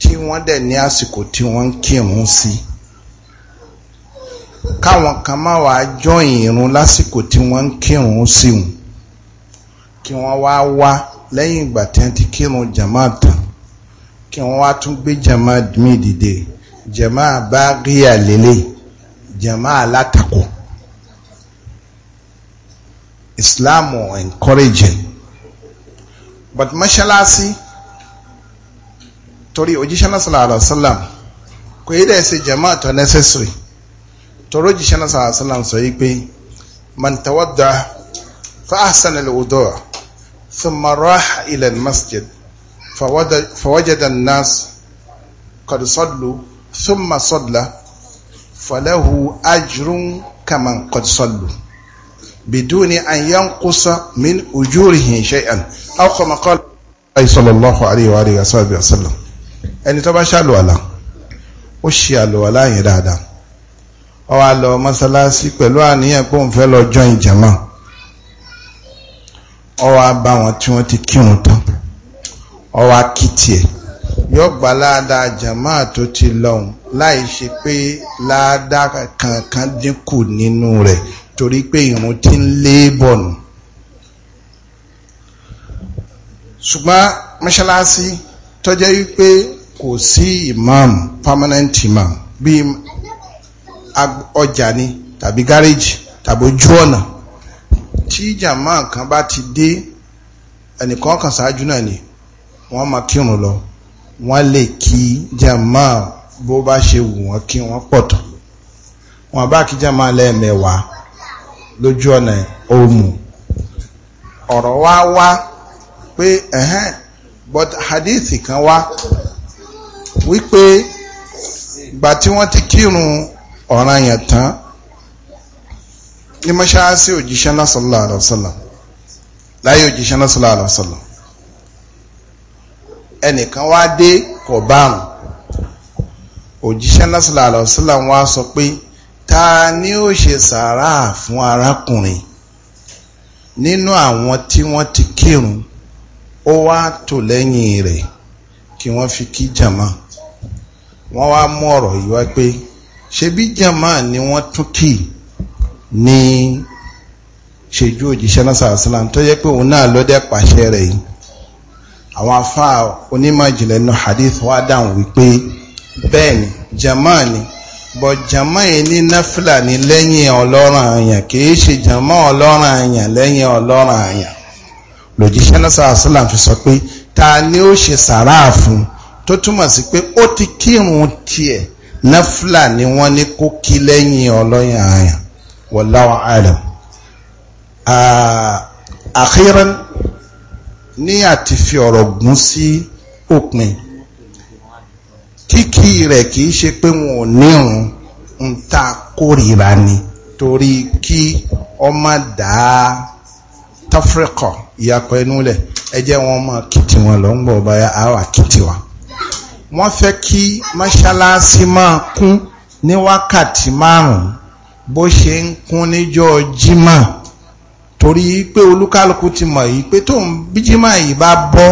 tí wọ́n dẹ̀ ní àsìkò tí wọ́n ń kírun sí káwọn kan má wá jọyìn irun lásìkò tí wọ́n ń kírun sí wọn kí wọ́n wá wá lẹ́yìn ìgbà tí wọ́n ti kírun jàmá tán kí wọ́n wá tún gbé jàmá mi dìde jàmá bá rí àlélẹ̀ jàmá alátakò Islam encouraging but mọ́ṣáláṣí torí òjíṣẹ́ náà sallallahu alaihi wasallam kò yí dẹ̀ ṣe jama'a tó necessary torí òjíṣẹ́ náà sallallahu alaihi wasallam sọ yí pé man tawadda fa ahsana al-wudu' thumma raha ila al-masjid fawajada an-nas qad sallu thumma salla falahu ajrun kaman qad sallu biduni an yanqusa min ujurihim shay'an aw kama qala sallallahu alaihi wa alihi wa sallam ẹni tó bá ṣàlùwàlà ó ṣe àlùwàlà yẹn dáadáa ó wá lọ mọ́sálásí pẹ̀lú àníyàn pé fẹ́ lọ join jàmá ó bá wọn tí wọ́n ti kírun tán ó wá kí tiẹ̀ yóò gbà láàdáa jàmá tó ti lọ́hùn láì ṣe pé láàdáa kankan dínkù nínú rẹ̀ torí pé ìrun ti ń lé bọ̀nù ṣùgbọ́n mọ́ṣáláṣí tó wípé kò sí imam permanent imam bí ọjà ni tàbí gáréjì tàbí ojú ọ̀nà tí jàmá kan bá ti dé ẹnìkan kan ṣáájú náà ni wọ́n máa kírun lọ wọ́n lè kí jàmá bó bá ṣe wù wọ́n kí wọ́n pọ̀ tán wọ́n bá kí jàmá lẹ́ẹ̀mẹ́wàá lójú ọ̀nà òmù ọ̀rọ̀ wá wá pé ẹ̀hẹ́n but hadith kan wá wípé ìgbà tí wọ́n ti kírun ọ̀ràn yẹn tán ní mọ́ṣáláṣí òjíṣẹ́ náà sallallahu alaihi wasallam láyé òjíṣẹ́ náà sallallahu alaihi wasallam ẹnìkan wá dé kò bárùn òjíṣẹ́ náà sallallahu alaihi wasallam wá sọ pé ta ni ó ṣe sàárà fún arákùnrin nínú àwọn tí wọ́n ti kírun ó wá tò lẹ́yìn rẹ̀ kí wọ́n fi kí jàmáà wọ́n wá mú ọ̀rọ̀ yìí wá pé ṣebí jama ni wọ́n tún kì ní ṣèjú òjíṣẹ́ náà sàásìlám tó yẹ pé òun náà lọ́dẹ̀ pàṣẹ rẹ̀ yìí àwọn afá onímọ̀ ìjìnlẹ̀ hadith wá dáhùn wípé bẹ́ẹ̀ ni jama ni bọ̀ jama yìí ní náfìlà ní lẹ́yìn ọlọ́ràn àyàn kìí ṣe jama ọlọ́ràn àyàn lẹ́yìn ọlọ́ràn àyàn lòjíṣẹ́ náà sàásìlám fi sọ pé ta ni ó ṣe sàráà fún un tó túmọ̀ sí pé ó ti kírun tiẹ̀ ni kó kí lẹ́yìn ọlọ́yìn àyàn wallahu alam àkíran ní àti fi ọ̀rọ̀ gún sí òpin kíkí rẹ̀ kìí ṣe pé wọn ò nírun ń ta kórìíra ni torí kí ọmọ dá tafrikọ ìyàpọ̀ ẹ jẹ́ wọn wọ́n fẹ́ kí mọ́ṣáláṣí máa kún ní wákàtí márùn-ún bó ṣe ń kún níjọ́ jímà torí pé olúkálùkù ti mọ̀ yìí pé tóun bí jímà yìí bá bọ́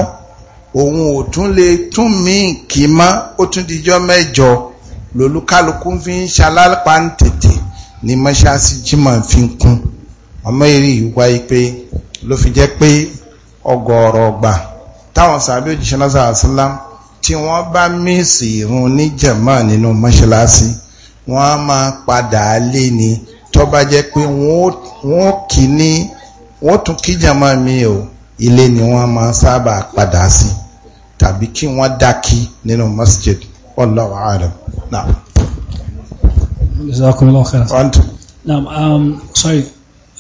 òun ò tún lè tún míì kì í mọ́ ó tún dijọ́ mẹ́jọ lolúkálùkù fi ń ṣalápá ń tètè ní mọ́ṣáláṣí jímà fi ń kún ọmọ eré ìwá yìí pé ló fi jẹ́ pé ọgọ́rọ̀ ọgbà táwọn sàbí òjíṣẹ́ náà sàásílámù tí wọ́n bá mísì ìrun ní jàmá nínú mọ́ṣáláṣí wọ́n á máa padà lé ni tó bá jẹ́ pé wọ́n kì ní wọ́n tún kí jàmá mi o ilé ni wọ́n máa sábà padà sí tàbí kí wọ́n dákí nínú masjid wallahu a'lam um, sorry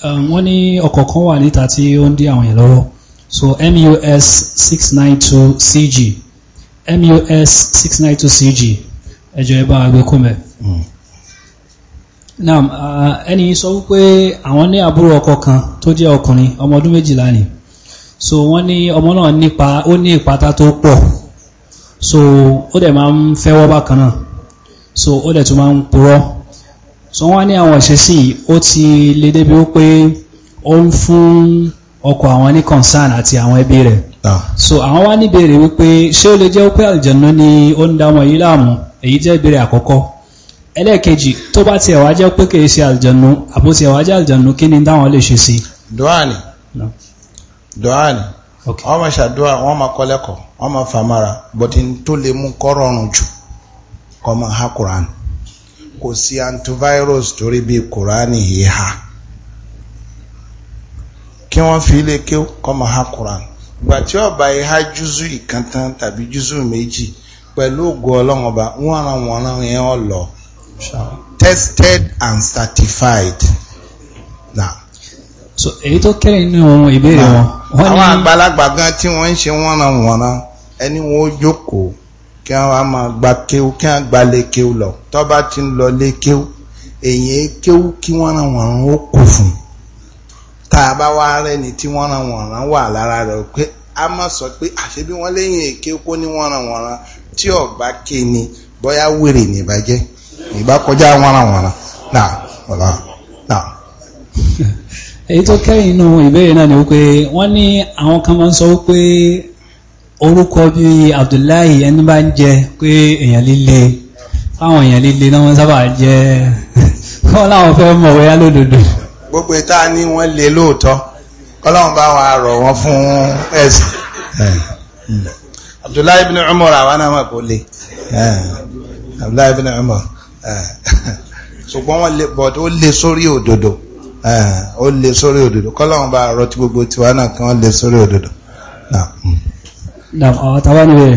um, wọ́n ní ọkọ̀ kan wà níta tí ó ń dí àwọn èèyàn so mus six nine two cg mus 692cg ẹjọ́ ẹ bá agbé kó mẹ́ hmm. naam ẹni sọ wípé àwọn ní àbúrò ọkọ kan tó jẹ́ ọkùnrin ọmọ ọdún méjìlá ni so wọ́n ní ọmọ náà nípa ó ní ìpátá tó pọ̀ so ó dẹ̀ máa ń fẹ́wọ́ bákan náà so ó dẹ̀ tún máa ń purọ́ so wọ́n ní àwọn ìṣesí ó ti lè débi ó pé ó ń fún ọkọ àwọn ní concern àti àwọn ẹbí rẹ̀ so àwọn wá níbèrè wípé ṣé ó lè jẹ́ pé àlùjànnú ni ó ń dá wọn yìí láàmú èyí jẹ́ ìbéèrè àkọ́kọ́ ẹlẹ́ẹ̀kejì tó bá tiẹ̀ wá jẹ́ pé kì í ṣe àlùjànnú àbó tiẹ̀ wá jẹ́ àlùjànnú kí ni dáwọn lè ṣe sí. duane duane wọ́n máa ṣàdúrà wọ́n máa kọ́ lẹ́kọ̀ọ́ wọ́n máa fà mára bọ́tí tó lè mú kọ́ rọrùn jù kọ́ máa ha quran kò sí antivirus torí bí quran yìí ha kí wọ́n fi ilé kí kọ́ máa ha quran. gbàtí ọba ha júzù ìkàntàn tàbí júzù méjì pẹ̀lú ògo ọlọ́run ọba wọ́n wọn tested and certified. so èyí tó kẹ́rẹ̀ nínú ohun ìbéèrè wọn. àwọn àgbàlagbà gan tí wọ́n ń ṣe wọ́n ran wọn ẹni wọn ó jókòó kí máa gba kéwú kí tá a bá wá rẹ́ni tí wọ́n ràn wọ́n ràn wà lára rẹ̀ pé a má sọ pé àṣẹ bí wọ́n lẹ́yìn èké kó ní wọ́n ràn wọ́n ràn tí ọ̀gbá ké ni bóyá wèrè ní ìbá kọjá wọ́n ràn wọ́n ràn náà ọ̀la náà. èyí tó kẹ́yìn inú ìbéèrè náà ni wípé wọ́n ní àwọn kan máa ń sọ wípé orúkọ bíi Abdullahi ẹni bá ń jẹ pé èèyàn líle fáwọn èèyàn líle náà wọ́n sábà jẹ́ wọ́n láwọn fẹ́ mọ̀ wẹ́yà lódodo gbogbo ìta ni wọ́n lè lóòótọ́ kọ́lọ́run bá wọn rọ̀ wọ́n fún ẹ̀sìn abdullahi ibn umar àwa náà mà kò le abdullahi ibn umar ṣùgbọ́n wọ́n lè bọ̀ ó lè sórí òdodo ó lè sórí òdodo kọ́lọ́run bá rọ tí gbogbo tiwa náà kí wọ́n lè sórí òdodo. Naam, mm. àwọn tàbá níbẹ̀.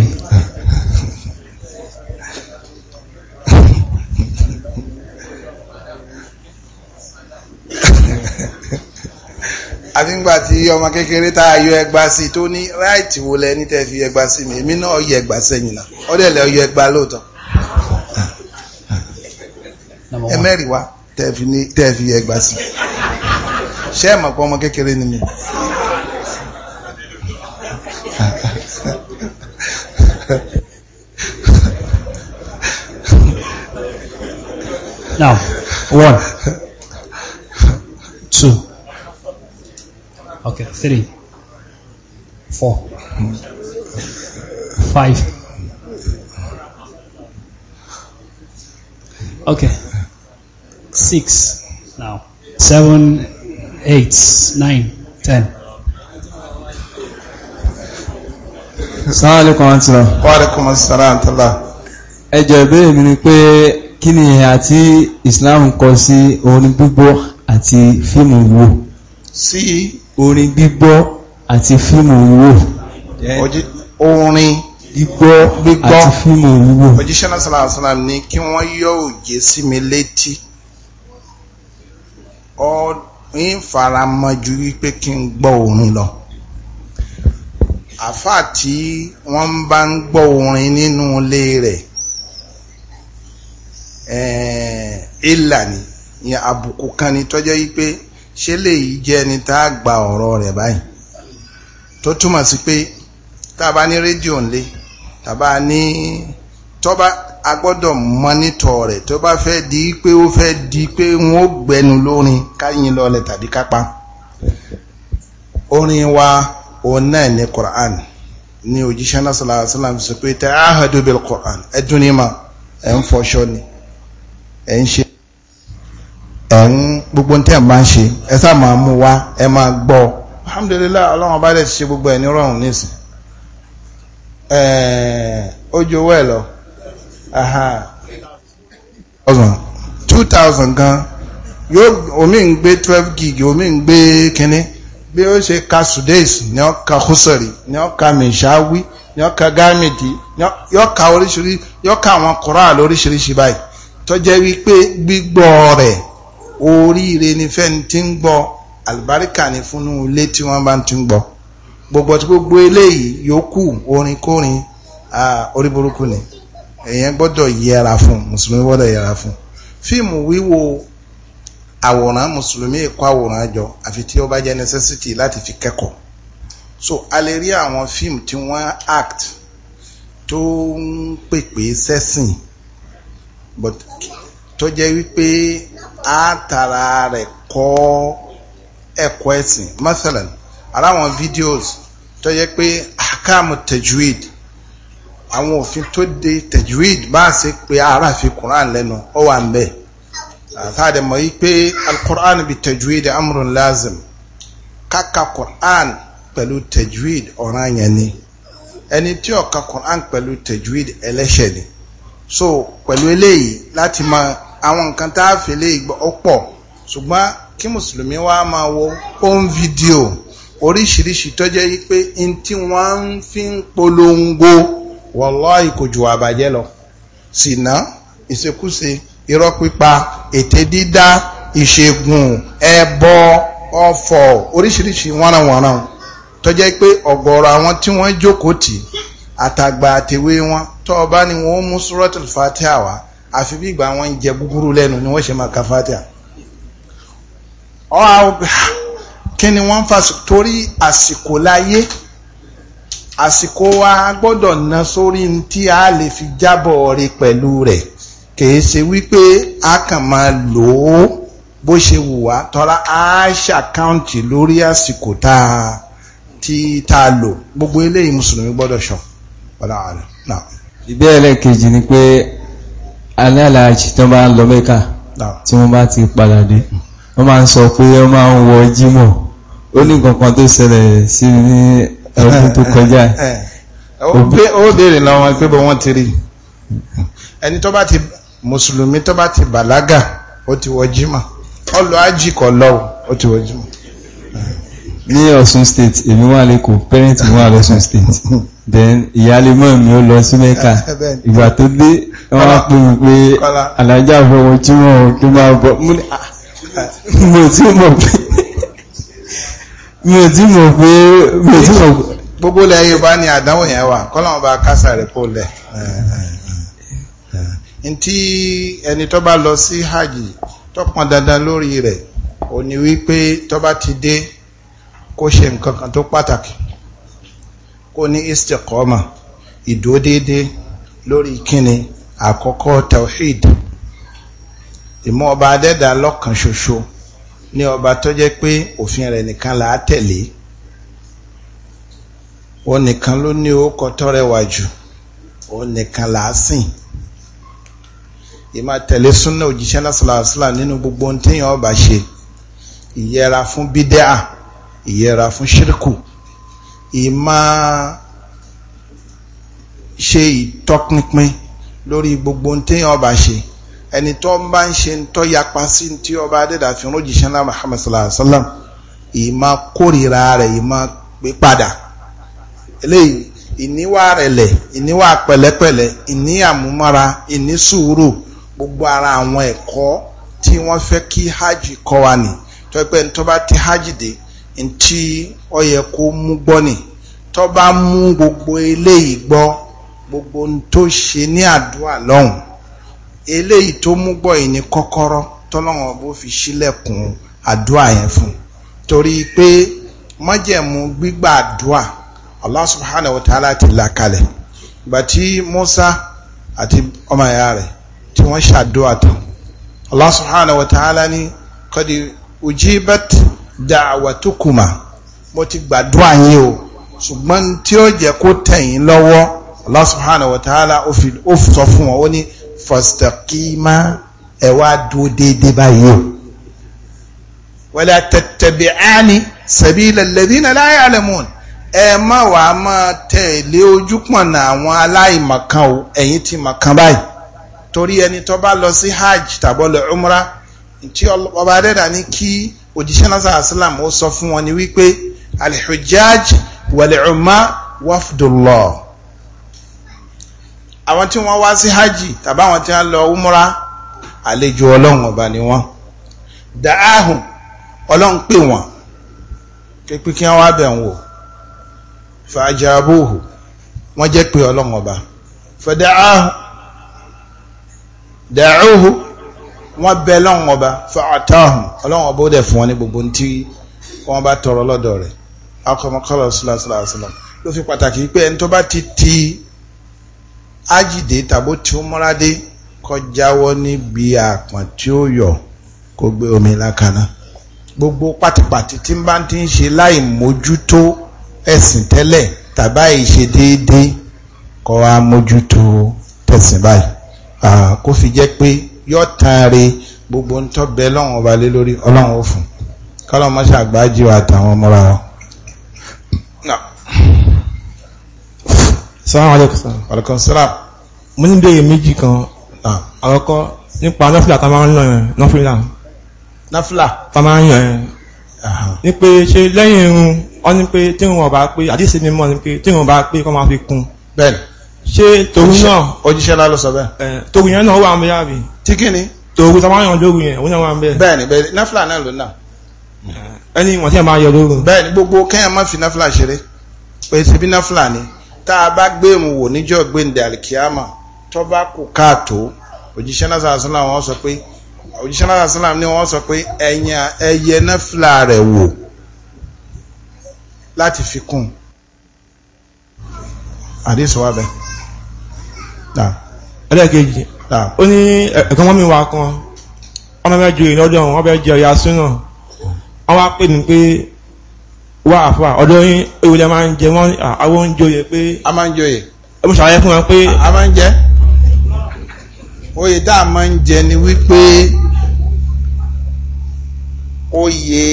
àfi ńgbà tí ọmọ kékeré tá a yọ ẹgba sí tó ní ráìtì wo lẹ ní tẹ́ fi ẹgba sí mi èmi náà yọ ẹgba sẹ́yìn náà ó dẹ̀ lẹ́ yọ ẹgba lóòótọ́ ẹ mẹ́rìí wá tẹ́ fi ẹgba sí ṣé ẹ̀ mọ̀ pé ọmọ kékeré ni mi. Now, one. Okay, three, four, five. Okay, six now, seven, eight, nine, ten. Assalamu alaikum warahmatullahi wabarakatuh. Wa alaikumus salam tala. Ẹ jọ̀ọ́ ìbéèrè mi ni pé kí ni ìhà tí Islam kọ sí orin gbígbọ́ àti fíìmù wo? Sí orin gbígbọ́ àti fíìmù wíwò orin gbígbọ́ àti fíìmù wíwò òjíṣẹ́ náà sàlàsàlà ní kí wọ́n yọ òjé sí mi létí ń faramọ́ ju wípé kí n gbọ́ orin lọ àfà tí wọ́n bá ń gbọ́ orin nínú ilé rẹ̀ ìlànà eh, ìyẹn àbùkù kan ni tọ́jọ́ yí pé ṣé léyìí jẹ́ ẹni tá a gba ọ̀rọ̀ rẹ̀ báyìí tó túmọ̀ sí pé tá a bá ní rédíò ńlé tá a bá ní tó bá mọ́nítọ̀ rẹ̀ tó bá fẹ́ di pé ó fẹ́ di pé wọ́n ó gbẹnu lórin káyìn lọlẹ̀ tàbí kápá orin wa òun náà ní Qur'an ní òjíṣẹ́ náà sallallahu alaihi wasallam sọ pé ta'ahadu bil Qur'an ẹ̀dùn ní ma ẹ̀ ń fọṣọ ni ẹ̀ ń ṣe ẹ̀ ń gbogbo tẹ́ ẹ̀ máa ń ṣe ẹ sá máa mú wá ẹ máa gbọ́ alhamdulillah ọlọ́run ọba dẹ̀ ṣe gbogbo ẹ̀ ní rọrùn nísìn ó owó ẹ̀ lọ two thousand gan yóò omi ń gbé twelve gig omi ń gbé kínní bí ó ṣe ka sudeis ní ó ka husari ní ó ka mishawi ní ó ka gamidi yóò ka oríṣiríṣi yóò ka àwọn kura lóríṣiríṣi báyìí tó wípé gbígbọ́ rẹ̀ oríire ni fẹ́ni tí ń gbọ́ àlùbáríkà ni fún un ilé tí wọ́n bá ti ń gbọ́ gbogbo tí gbogbo eléyìí yòókù orin kórin orí burúkú ni èèyàn gbọ́dọ̀ yẹra fún mùsùlùmí gbọ́dọ̀ yẹra fún fíìmù wíwo àwòrán mùsùlùmí kó àwòrán jọ àfi tí ó bá jẹ́ necessity láti fi kẹ́kọ̀ọ́ so a lè rí àwọn fíìmù tí wọ́n act tó ń pèpè sẹ́sìn but tó jẹ́ wípé á tara rẹ̀ kọ́ ẹ̀kọ́ ẹ̀sìn masalan aláwọn videos tó yẹ pé akamu tajwid àwọn òfin tó de tajwid bá ṣe pé ara fi quran lẹ́nu ó wà ń bẹ àtàdé mọ̀ yí pé alquran bi tajwid amrun lazim kaka quran pẹ̀lú tajwid ọ̀ràn yẹn ni ẹni tí ó ka quran pẹ̀lú tajwid ẹlẹ́ṣẹ̀ ni so pẹ̀lú eléyìí láti máa àwọn nǹkan tá a fi lè gbọ́ ó pọ̀ kí mùsùlùmí wa máa wo home video oríṣiríṣi tó jẹ́ wípé n tí wọ́n ń fi ń polongo wàláì kò jù àbàjẹ́ lọ ṣìnà ìṣekúṣe irọ́ pípa ète dídá ìṣègùn ẹbọ ọ̀fọ̀ oríṣiríṣi wọ́nranwọ̀nran tó pé ọ̀gọ̀ọ̀rọ̀ àwọn tí wọ́n jókòó tì àtàgbà àtẹ̀wé wọn tó bá wọn ó mú suratul fatiha wá àfi bí ìgbà wọn ń jẹ gúgúrú lẹ́nu ni wọ́n ṣe máa ka fatiha ah, kí ni wọ́n ń fa torí àsìkò láyé àsìkò wa gbọ́dọ̀ ná sórí tí a lè fi jábọ̀ rí pẹ̀lú rẹ̀ kìí ṣe wípé a kàn máa lò ó bó ṣe wù wá tọ́ra a ṣàkáǹtì lórí àsìkò tá tí tá a lò gbogbo eléyìí mùsùlùmí gbọ́dọ̀ ṣọ́ ọ̀la náà. ìbéèrè kejì ni pé alálàájì tó bá ń lọ mẹ́kà tí wọ́n bá ti padà dé wọ́n máa ń sọ pé wọ́n máa ń wọ jímọ̀ ó ní kankan tó ṣẹlẹ̀ sí ní ọdún tó kọjá eh, eh, ó béèrè lọ́wọ́ pé bó wọ́n ti rí ẹni tó bá ti mùsùlùmí tó bá ti bàlágà ó ti wọ jímọ̀ ọlọ ajíkọ̀ lọ́wọ́ ó ti wọ jímọ̀ ní Ọ̀ṣun state èmi wà lẹ́kọ̀ọ́ parent wà lọ́ṣun state then ìyálémọ̀ mi ó lọ sí mẹ́ka ìgbà tó dé wọ́n pè mí pé alájà fọwọ́ tí wọ́n kí máa bọ̀ mi ò tí mọ̀ pé mi ò tí mọ̀ pé mi ò tí mọ̀ pé. gbogbo ilẹ̀ Yorùbá ni àdánwò yẹn wà kọ́lọ́mù bá kásà rẹ̀ kó lẹ̀ ntí ẹni tó bá lọ sí hajj tó pọn dandan lórí rẹ̀ ó ní wípé tó bá ti dé kó ṣe nǹkan kan tó pàtàkì kó ní istiqama ìdúródédé lórí kíni àkọ́kọ́ tawhid ìmọ̀ ọba adẹ́dà lọ́kan ṣoṣo ní ọba tó jẹ́ pé òfin rẹ̀ nìkan là á tẹ̀lé ó nìkan ló ní orúkọ tó rẹwà jù ó nìkan là á sìn ìmọ̀ tẹ̀lé súnà òjíṣẹ́ náà nínú gbogbo ohun téèyàn ọba ṣe ìyẹra fún bídẹ́à ìyẹra fún ṣírkù ìmọ̀ ṣe ìtọ́pinpin lórí gbogbo tí ọba ṣe ẹni tó ń bá ń ṣe tó yapa sí tí ọba adẹ́dà fi rójìṣẹ́ ńlá Muhammad sallallahu alaihi wasallam ìmá kórìíra rẹ̀ ìmá pé padà eléyìí ìníwà rẹ̀lẹ̀ ìníwà pẹ̀lẹ́pẹ̀lẹ́ ìní àmúmára ìní sùúrù gbogbo ara àwọn ẹ̀kọ́ tí wọ́n fẹ́ kí hajj kọ́ wa nì tó pẹ́ tó bá ti hajj dé tí ó yẹ kó mú gbọ́ nì tó bá mú gbogbo eléyìí gbọ́ gbogbo ohun tó ṣe ní àdúrà lọ́hùn eléyìí tó mú gbọ́ yìí ní kọ́kọ́rọ́ tọ́lọ́run ọba fi ṣílẹ̀kùn àdúrà yẹn fún torí pé májẹ̀mú gbígbà àdúrà Allah subhanahu wa ta'ala ti là kalẹ̀ ìgbà tí Musa àti ọmọ ìyá rẹ̀ tí wọ́n ṣàdúrà tán Allah subhanahu wa ta'ala ní kọ́dí ujibat da'watukuma mo ti gbàdúrà yín o ṣùgbọ́n tí ó jẹ́ kó tẹ̀yìn lọ́wọ́ Allah subhanahu wa ta'ala ó sọ fún wọn ó ní fastaqima ẹ wá dúró déédéé báyìí o wala tattabi'ani sabila alladhina la ya'lamun ẹ má wàá máa tẹ̀lé ojúpọ̀nà àwọn aláìmọ̀kan o ẹ̀yin ti mọ̀kan báyìí torí ẹni tó bá lọ sí hajj tàbọ̀ lọ umra tí ọba adẹ́dà ní kí òjíṣẹ́ náà sàrà ó sọ fún wọn ní wípé alhujjaj wal umma wafdullah àwọn tí wọ́n wá sí hajj tàbí àwọn tí wọ́n lọ umra àlejò ọlọ́run ọba ni wọ́n dàáhùn ọlọ́run pè wọ́n pé kí wọ́n wá bẹ̀ ń wò fàájàbóhù wọ́n jẹ́ pé ọlọ́run ọba fàdáhùn dàáhù wọ́n bẹ lọ́run ọba fàátáhùn ọlọ́run ọba ó dẹ̀ fún wọn ní gbogbo tí wọ́n bá tọrọ lọ́dọ̀ rẹ̀ akọmọkọlọ sílásílásílá ló fi pàtàkì pé ẹni tó bá ti ti ájìdé tàbó tí ó múra dé kó jáwọ́ níbi àpọ̀n tí ó yọ kó gbé omi lákàná gbogbo pátipàti tí ń bá ti ń ṣe láì mójútó ẹ̀sìn tẹ́lẹ̀ tàbá ìṣe déédéé kó wá mójútó tẹ̀sìn báyìí kó fi jẹ́ pé yọ tán re gbogbo ń tọ́ bẹ lọ́wọ́n ọba lé lórí ọlọ́run ó fún kọ́lọ́ gbájú àtàwọn ọmọ ra wọn salaam aleykum salaam aleykum salaam mo ní ìbéèrè méjì kan àkọ́kọ́ nípa nọ́fìlà tá a máa wọ́n ní pé tí wọ́n bá pé àdíṣe ni mọ́ ni pé tí wọ́n bá pé kọ́ máa fi kún bẹ́ẹ̀ ṣe tòun náà òjíṣẹ́ lálọ́ sọ bẹ́ẹ̀ tòun yẹn náà wà ń bẹ́ẹ̀ àbí tí kí ni tòun tó yàn lóru yẹn ni bẹ́ẹ̀ náfìlà náà ló náà ẹni wọ́n tí wọ́n máa yọ lóru bẹ́ẹ̀ ni gbogbo kẹ́yàn má fi náfìlà ṣeré pé ṣe bí ni tá a bá gbé mu wò níjọ́ gbéǹde alikiyama tó bá kù káàtó òjíṣẹ́ náà sàásánà wọ́n sọ pé òjíṣẹ́ náà sàásánà ni wọ́n sọ pé ẹ̀yìn ẹyẹ náà fìlà rẹ̀ wò láti fi kún àdéṣọ́ abẹ. ẹlẹ́ẹ̀kejì ó ní ẹ̀kan mọ́mí wa kan ọmọ mẹ́jọ ìlọ́dọ̀ wọn bẹ́ẹ̀ jẹ sínú wọn wá pè pé wá àfà ọ̀dọ̀ yín ewúlẹ̀ máa ń jẹ wọ́n àwọn oúnjẹ oyè pé a máa ń jọyè mo ṣàlàyé fún wọn pé a máa ń jẹ oyè tá a máa ń jẹ ni wípé oyè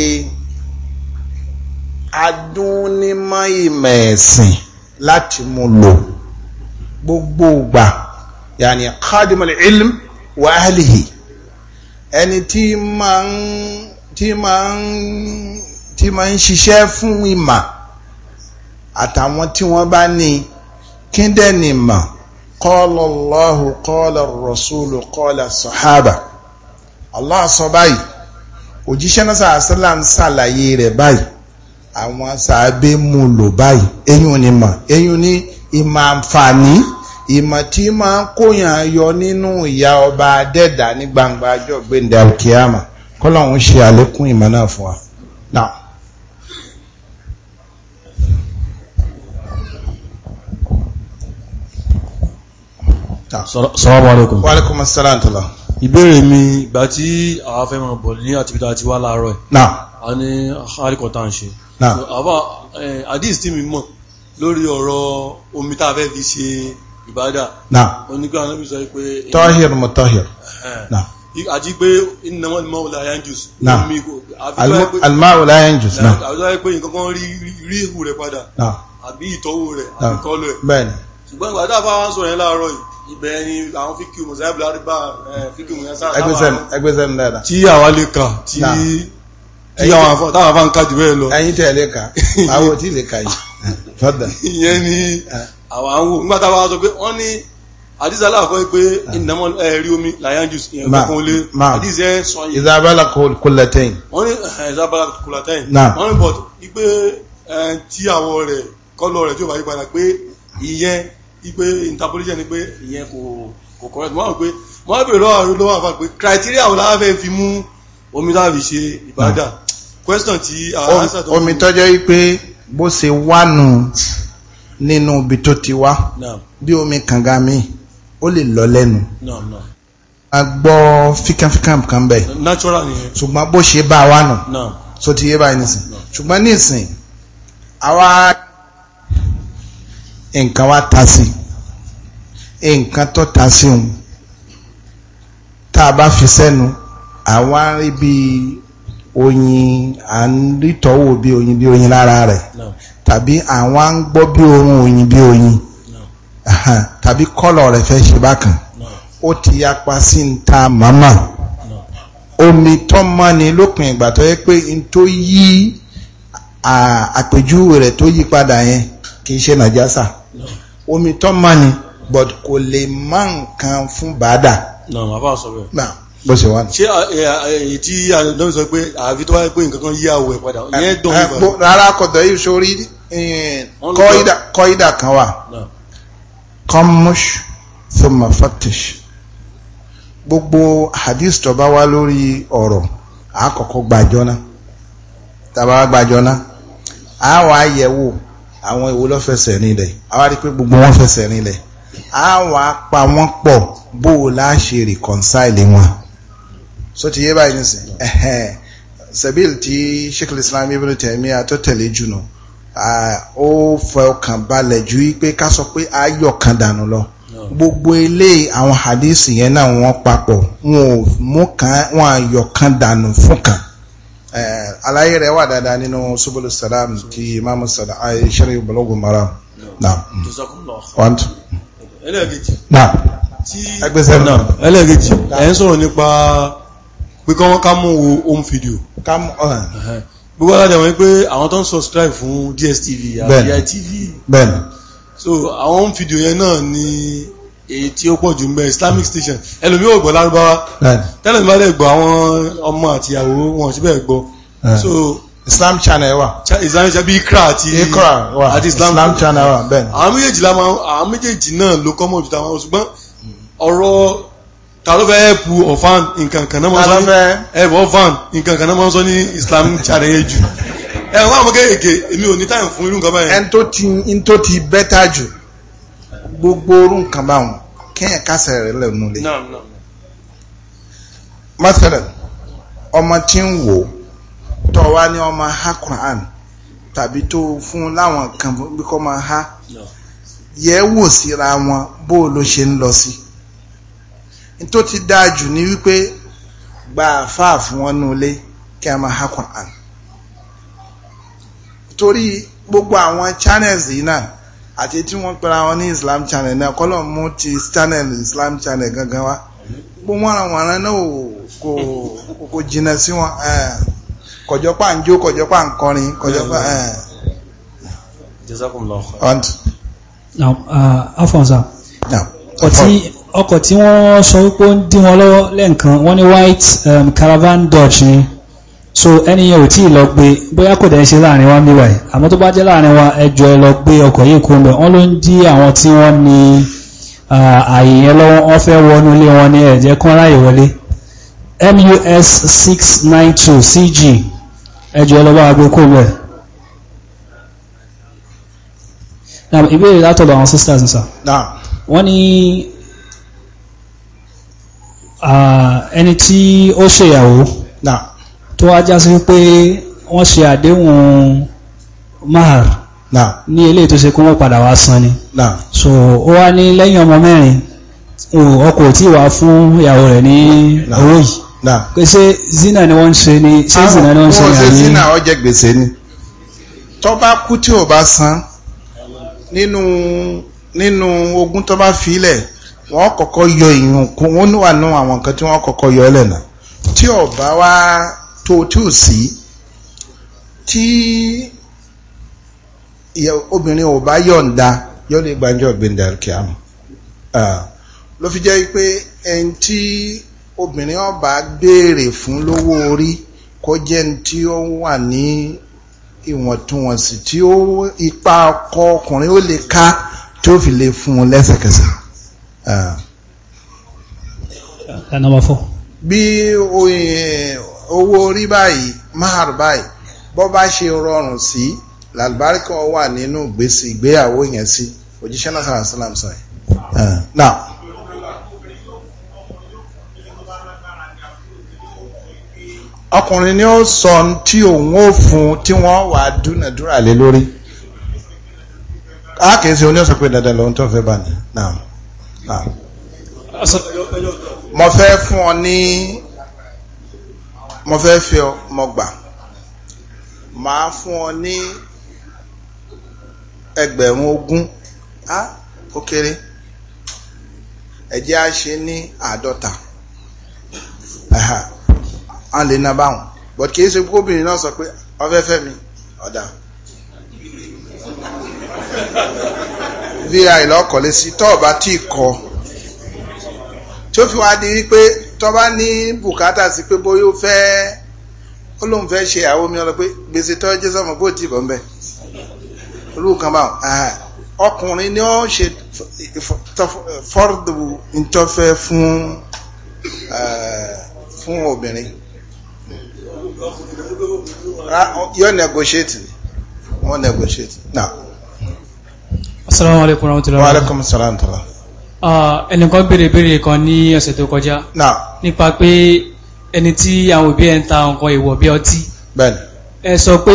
adúnímọ̀ ìmọ̀ ẹ̀sìn láti mú lò gbogbo ìgbà yàní kádìmọ̀lì ilm wa ẹni tí máa ń tí máa ń ṣiṣẹ́ fún ìmà àtàwọn tí wọ́n bá ní kíndẹ̀nì mọ̀ qala Allahu qala ar-rasulu qala as-sahaba Allah sọ báyìí òjíṣẹ́ náà sàásílà ń ṣàlàyé rẹ̀ báyìí àwọn sàábé mú lò báyìí eyín ni mọ̀ eyín ni ìmọ̀ àǹfààní ìmọ̀ tí máa ń kóyàn yọ nínú ìyà ọba adẹ́dà ní gbangba ọjọ́ gbẹ̀ndẹ̀ alkiyama kọ́lọ́hún ṣe àlékún ìmọ̀ náà fún wa. Now. Assalamu alaikum. Wa alaikum assalam tọ́lá. Ìbéèrè mi ìgbà tí àwọn afẹ́ mọ̀ bọ̀ ní àtìbítà àti wá láàárọ̀ ẹ̀. A ní àríkọ̀tà ń ṣe. Àbá àdíìs tí mi mọ̀ lórí ọ̀rọ̀ omi tá a fẹ́ fi ṣe ìbádà. Onígbà náà bí sọ pé. Tọ́hìr mọ̀ tọ́hìr. Àti pé ìnáwó ni Mọ́wùlá Yanjus. Almáwùlá Yanjus. Àwùjọ pé nǹkan kan rí ihu rẹ̀ padà. Àbí ìtọ́wò rẹ̀. Àbí kọ́lọ̀ rẹ̀. Bẹ́ẹ̀ni. Ṣùgbọ́n ìgbà tá a fáwọn sọ̀rọ̀ yẹn láàárọ̀ yìí ibẹ̀ ni àwọn fíkì mùsàlábì lárúbá fíkì mùsàlábì ẹgbẹ́sẹ̀m dáadáa tí àwa lè kà tí àwọn afá ń ká jù bẹ́ẹ̀ lọ ẹ̀yin tẹ̀ lè kà àwọn tí lè kà yìí fọ́dà ìyẹn ni àwọn àwọn nígbà táwọn sọ pé wọ́n ní àdìsí aláàkọ́ pé ìnáwó ẹ̀rí omi làyánjù ìyẹn kọ̀ọ̀kan lé àdìsí ẹ̀ sọ yìí. ìzábàlá kòlátẹ́yìn. wọ́n ní ìzábàlá kòlátẹ́yìn. wọ́n ní bọ̀t wípé tí àwọ̀ rẹ̀ kọ́lọ̀ rẹ̀ tí ò bá yí padà pé ìyẹn ipe interpolation ni pé ìyẹn kò kò correct mo wá pé mo wá bèèrè lọ́wọ́ lọ́wọ́ àfa pé criteria wo la fẹ́ fi mú omi tá a fi ṣe ìbádà question ti answer tó. omi tọ́jọ́ yìí pé bó ṣe wà nù nínú ibi tó ti wá bí omi kànga mi ó lè lọ lẹ́nu a gbọ́ fíkànfíkàn kan bẹ́ẹ̀ ṣùgbọ́n bó ṣe bá wa nù so ti yé báyìí nísìn ṣùgbọ́n nísìn àwa. nǹkan wá ta si nkan tó ta si òun tá a bá fi sẹ́nu àwa ń rí bí oyin à ń rítọ́wò bí oyin bí oyin lára rẹ̀ tàbí àwa ń gbọ́ bí oorun oyin bí oyin tàbí kọ́lọ̀ rẹ̀ fẹ́ ṣe bákan ó ti yapa sí ń ta màmá omi tó mọ́ ni lópin ìgbà tó yẹ pé n tó yí àpèjúwe rẹ̀ tó yí padà yẹn kìí ṣe nàjásà omi tó mọ́ but kò lè má nǹkan fún bàádà bó ṣe wà ní. ṣé èyí tí àdọ́mí sọ pé àfi tó wáyé pé nǹkan kan yí àwọ̀ ẹ̀ yẹn dùn eh, ún bàbá. rárá kọ̀dọ̀ yìí sórí eh, kọ́ídà kan wà gbogbo hadith tó bá wá lórí ọ̀rọ̀ àkọ́kọ́ gbàjọ́ tàbá gbàjọ́ náà àá àwọn ìwo ló fẹsẹ̀ nílẹ̀ àwa rí pé gbogbo wọn fẹsẹ̀ nílẹ̀ a wà á pa wọ́n pọ̀ bó o lá ṣe reconcile wọn so ti yé báyìí nísìn sabil tí sheikh islam ibn tẹ̀mí àtọ́tẹ̀lé jùnà ó fẹ́ ọkàn balẹ̀ ju pé ká sọ pé a yọ̀ kan dànù lọ gbogbo ilé àwọn hadith yẹn náà wọ́n papọ̀ wọn ò mú kan wọn àyọ̀ kan dànù fún kan Eh, àlàyé rẹ̀ wà dáadáa nínú subulu salam ti imam sadai sharif balogun mara na want na ẹgbẹ́sẹ̀ náà ẹlẹ́gẹ̀ẹ́jì ẹ̀ ń sọ̀rọ̀ nípa pé kọ́ wọ́n ká mú wo home video uh-huh. Uh-huh. gbogbo alájà wọ́n pé àwọn tó ń subscribe fún DSTV àti ITV so àwọn home video yẹn náà ni èyí tí ó pọ̀ jù mẹ́ islamic station ẹlòmí ò gbọ́ lárúbáwá tẹ́lẹ̀ bá lè gbọ́ àwọn ọmọ àti ìyàwó wọn sí gbọ́ so islam channel wà islam channel bí ikra àti ikra wà àti islam channel wà bẹ́ẹ̀ ni àwọn méjèèjì la máa àwọn méjèèjì náà ló kọ́ mọ̀ jù táwọn ṣùgbọ́n ọ̀rọ̀ ta ló fẹ́ ẹ̀pù ọ̀fan nǹkan náà máa sọ ẹ̀pù ọ̀fan nǹkan náà máa sọ ní islam channel yẹn jù ẹ̀rọ àwọn ọmọ kéèké èmi ò ní táyà fún irú nǹkan báyẹn. ẹni tó ti bẹ́tà jù gbogbo orú nǹkan báwọn kéèyàn kásẹ̀ rẹ̀ lẹ́nu lé. mọ́tẹ́lẹ̀ ọmọ tí ń wò tọ́ wá ní ọmọ ha Quran tàbí tó fún láwọn kan bí kò máa ha yẹ wò síra wọn bó ló ṣe ń lọ sí. tó ti dáa jù ní wípé gba àfáà fún wọn n'ule kí a máa ha Quran torí gbogbo àwọn channels yìí náà àti tí wọ́n pera wọn ní Islam Channel náà kọ́lọ̀ mú ti channel Islam Channel gangan wa gbogbo wọn àwọn ará náà kò kò jìnnà sí wọn kọjọ pa ń jó kọjọ pa ń kọrin kọjọ pa. afọ̀nsá ọkọ̀ tí wọ́n sọ wípé ó ń dín wọn lọ́wọ́ lẹ́ǹkan wọ́n ní white um, caravan dodge ni so ẹni yẹn ò tí ì lọ gbé bóyá kò dẹ̀ ṣe láàrin wa níwà yìí àmọ́ tó bá jẹ́ láàrin wa ẹjọ́ ẹ lọ gbé ọkọ̀ yìí kú mẹ́ wọ́n ló ń dí àwọn tí wọ́n ní ààyè yẹn lọ́wọ́ wọ́n fẹ́ wọnú ilé wọn ní ẹ̀jẹ̀ kan ráyè wọlé mus six nine two cg ẹjọ́ ẹ lọ bá gbé kú mẹ́. na ìbéèrè látọ̀dọ̀ àwọn sisters nìsa wọ́n ní ẹni tí ó ṣèyàwó tó wá já sí wípé wọ́n ṣe àdéhùn mahar ní eléyìí tó ṣe kó wọ́n padà wá san ni so ó wá ní lẹ́yìn ọmọ mẹ́rin ọkọ tí wà fún ìyàwó rẹ̀ ní owó yìí pé ṣé zina ni wọ́n ṣe ni ṣé zina ni wọ́n ń ṣe ni àní. zina ọjẹ́ gbèsè ni tó bá kú tí ò bá san nínú nínú ogún tó bá filẹ̀ wọ́n kọ́kọ́ yọ ìyún kún wọ́n wà nù àwọn nǹkan tí wọ́n kọ́kọ́ yọ ọ́ tí ò bá wá tó tí ò sí tí obìnrin ò bá yọ̀ǹda yóò lè gbàjọ́ gbẹ̀ndẹ̀ kíámù ló fi jẹ́ pé ẹni tí obìnrin ó bá béèrè fún lówó orí kó jẹ́ ní tí ó wà ní ìwọ̀ntúnwọ̀nsì tí ó ipa ọkọ ọkùnrin ó lè ká tí ó fi lè fún lẹ́sẹ̀kẹsẹ̀. bí eh, owó orí báyìí mahar báyìí bọ́ bá ṣe rọrùn sí làlùbáríkà wà nínú gbèsè ìgbéyàwó yẹn sí òjíṣẹ́ náà sàrà sàlám sàrẹ̀. now ọkùnrin ni ó sọ tí òun ó fún tí wọ́n wà dúnàdúrà lé lórí a kìí ṣe oníṣọ́ pé dandan lòun tó fẹ́ bá ní. mo fẹ́ fún ọ ní mo fẹ́ fẹ́ ọ mo gbà màá fún ọ ní ẹgbẹ̀rún ogún á ó kéré ẹ jẹ́ á ṣe ní àádọ́ta á lè ná báwọn but kì í ṣe kóbìnrin náà sọ pé ọ fẹ́ mi ọ̀dà vi lọ́kọ̀ọ́lẹ́sí tọ́ọ̀bá tí kọ tí ó fi wá di wípé tó bá ní bùkátà sí pé bóyá ó fẹ́ ó lóun fẹ́ ṣe àwọn omi ọlọ pé gbèsè tó jẹ́ sọmọ bó ti bọ̀ ń olú kan bá ọkùnrin ni ó ṣe fọ́ọ̀dù ntọ́fẹ́ fún fún obìnrin yóò negotiate wọ́n negotiate now. asalaamu alaykum wa rahmatulah. wa alaykum salaam tala. ẹnìkan béèrè béèrè kan ní ọ̀sẹ̀ tó kọjá. now nípa pé ẹni tí àwọn òbí ẹ̀ ń ta nǹkan ìwọ̀ bí ọtí. bẹ́ẹ̀ni. ẹ sọ pé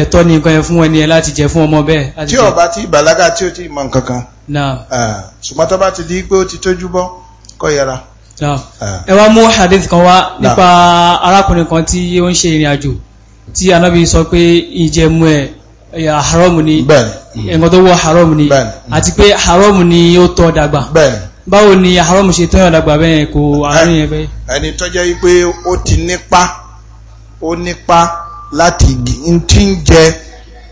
ẹ̀tọ́ ni nǹkan yẹn fún ẹni yẹn láti jẹ fún ọmọ bẹ́ẹ̀. tí ó bá ti bàlágà tí ó ti mọ nǹkan kan. ṣùgbọ́n tó bá ti di pé ó ti tójú bọ́ kó yẹra. ẹ wá mú hadith kan wá nípa arákùnrin kan tí ó ń ṣe ìrìn àjò tí anábì sọ pé ìjẹmu ẹ haram ni ẹ̀ǹkan tó wọ haram ni àti pé haram ni ó tọ́ dàgbà báwo ni àhárọ́mù ṣe tán ọ̀dàgbà bẹ́ẹ̀ kò àárín ẹ̀fẹ́ ẹni tó jẹ́ wípé ó ti nípa ó nípa láti tí ń jẹ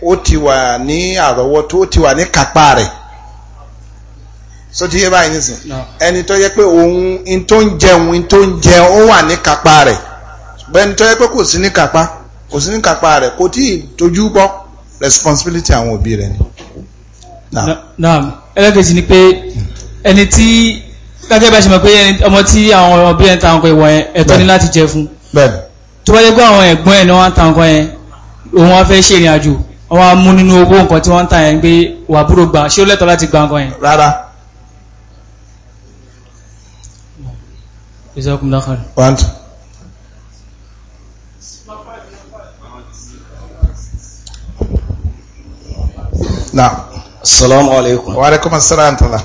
ó ti wà ní àrọ́wọ́tó ó ti wà ní kápá rẹ̀ so ti yé báyìí nísìn ẹni tó yẹ pé òun in tó ń jẹ òun in tó ń jẹ ó wà ní kápá rẹ̀ bẹ́ẹ̀ni tó yẹ pé kò sí ní kápá kò sí ní kápá rẹ̀ kò tí ì tójú bọ́ responsibility àwọn òbí rẹ̀ ni. ẹlẹ́kẹ̀ẹ́sì ni pé hmm ẹni tí gẹ́gẹ́ bá ṣe mọ̀ pé ọmọ tí àwọn ọmọ bí ẹn ta nǹkan ìwọ̀n ẹ̀tọ́ ní láti jẹ fún tó bá jẹ́ pé àwọn ẹ̀gbọ́n ẹ̀ ni wọ́n ta nǹkan yẹn òun wọ́n fẹ́ ṣe ìrìn àjò wọ́n á mú nínú owó nǹkan tí wọ́n ń ta yẹn pé wà búrò gbà ṣé ó lẹ́tọ̀ọ́ láti gba nǹkan yẹn. rárá. na. salaamaleykum. wa aleykum salaam tala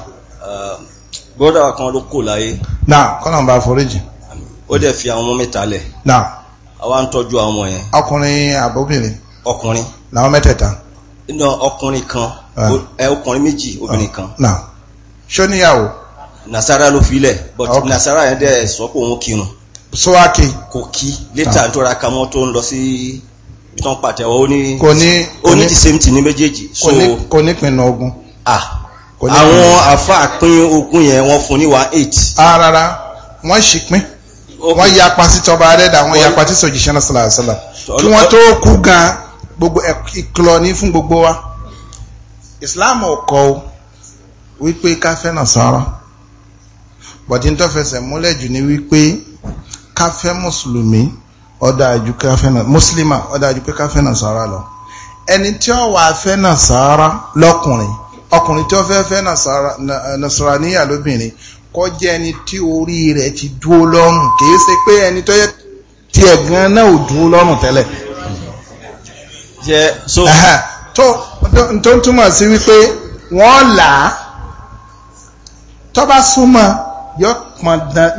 bọ́dà kan ló na láyé. náà kọ́nà bá foríjì. ó dẹ̀ fi àwọn ọmọ mẹ́ta lẹ̀. náà. àwa ń tọ́jú àwọn ọmọ yẹn. ọkùnrin àbóbìnrin. ọkùnrin. làwọn mẹ́tẹ̀ẹ̀ta. iná ọkùnrin kan ah. ẹ ọkùnrin méjì ah. obìnrin kan. náà ṣó níyàwó. nasara ló filẹ̀ but nasara yẹn dẹ̀ sọ pé òun kírun. sọ́wákì. kò kí létà ń ah. tọ́ra kamọ́ tó ń lọ sí tán pàtẹ́wọ́ ó ní. kò ní. ó ní the same thing ní méjèèjì. kò ní pinnu ogun. ah àwọn àfáà pín ogún yẹn wọ́n fún níwà 8. arara wọ́n sì pín wọ́n yapa sí tọba arẹ́dà wọ́n yapa sí sọ̀jìṣẹ́ náà sọ̀lá sọ̀lá kí wọ́n tó kú gan gbogbo ìkìlọ̀ ní fún gbogbo wa islam ò kọ́ o wípé ká fẹ́ Nasara bọ̀dí tó fẹsẹ̀ múlẹ̀ jù ní wípé ká mùsùlùmí ọ̀dà àjù ká fẹ́ mùsùlùmá ọ̀dà àjù pé ká fẹ́ Nasara lọ ẹni tí ó wà fẹ́ Nasara lọ́kùnrin ọkùnrin tí ó fẹ́ fẹ́ nasaraniya eh, lóbìnrin kọ́ jẹ́ ẹni tí orí rẹ̀ ti dúó lọ́rùn kìí ṣe pé ẹni tó yẹ ti ẹ̀gán náà ò dúó lọ́rùn tẹ́lẹ̀ tó túmọ̀ sí wípé wọ́n là á tó bá súnmọ́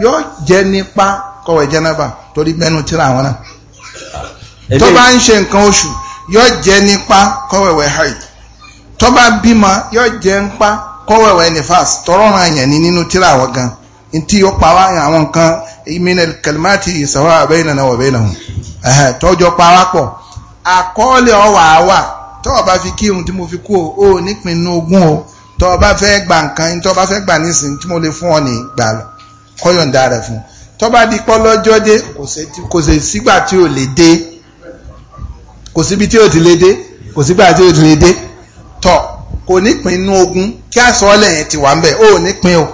yóò jẹ́ nípa kọ̀wé jẹ́nàbà torí mẹ́nu tíra àwọn náà tó bá ń ṣe nǹkan oṣù yóò jẹ́ nípa kọ̀wé wẹ̀ tó bá bímọ yóò jẹ́ ń pa kọ́wẹ̀wẹ̀ nifas tọ́rọ̀ hàn yẹn ní nínú tíra àwọn gan ntí yóò pa wá àwọn nǹkan ìmìnà kalimati ìsàwọ́ àbẹ́yìnà náà wọ̀bẹ́yìnà hùn tọ́jọ́ pa wá pọ̀ àkọọ́lẹ̀ ọwà wà tọ́ ọba fi kírun tí mo fi kú o nípinnu ogún o tọ́ ọba fẹ́ gbà nǹkan tọ́ ọba fẹ́ gbà nísìnyí tí mo lè fún ọ ní gbà lọ kọ́yọ̀ǹda rẹ̀ fún tọ́ bá di pọ́ lọ́jọ́ dé kò sì sígbà tí ò lè dé kò síbi tí ò ti lè dé kò sígbà tí ò ti lè dé tọ̀ kò nípìn inú ogun kí àsọ̀ọ́lẹ̀ yẹn ti wà ń bẹ̀ ó nípìn o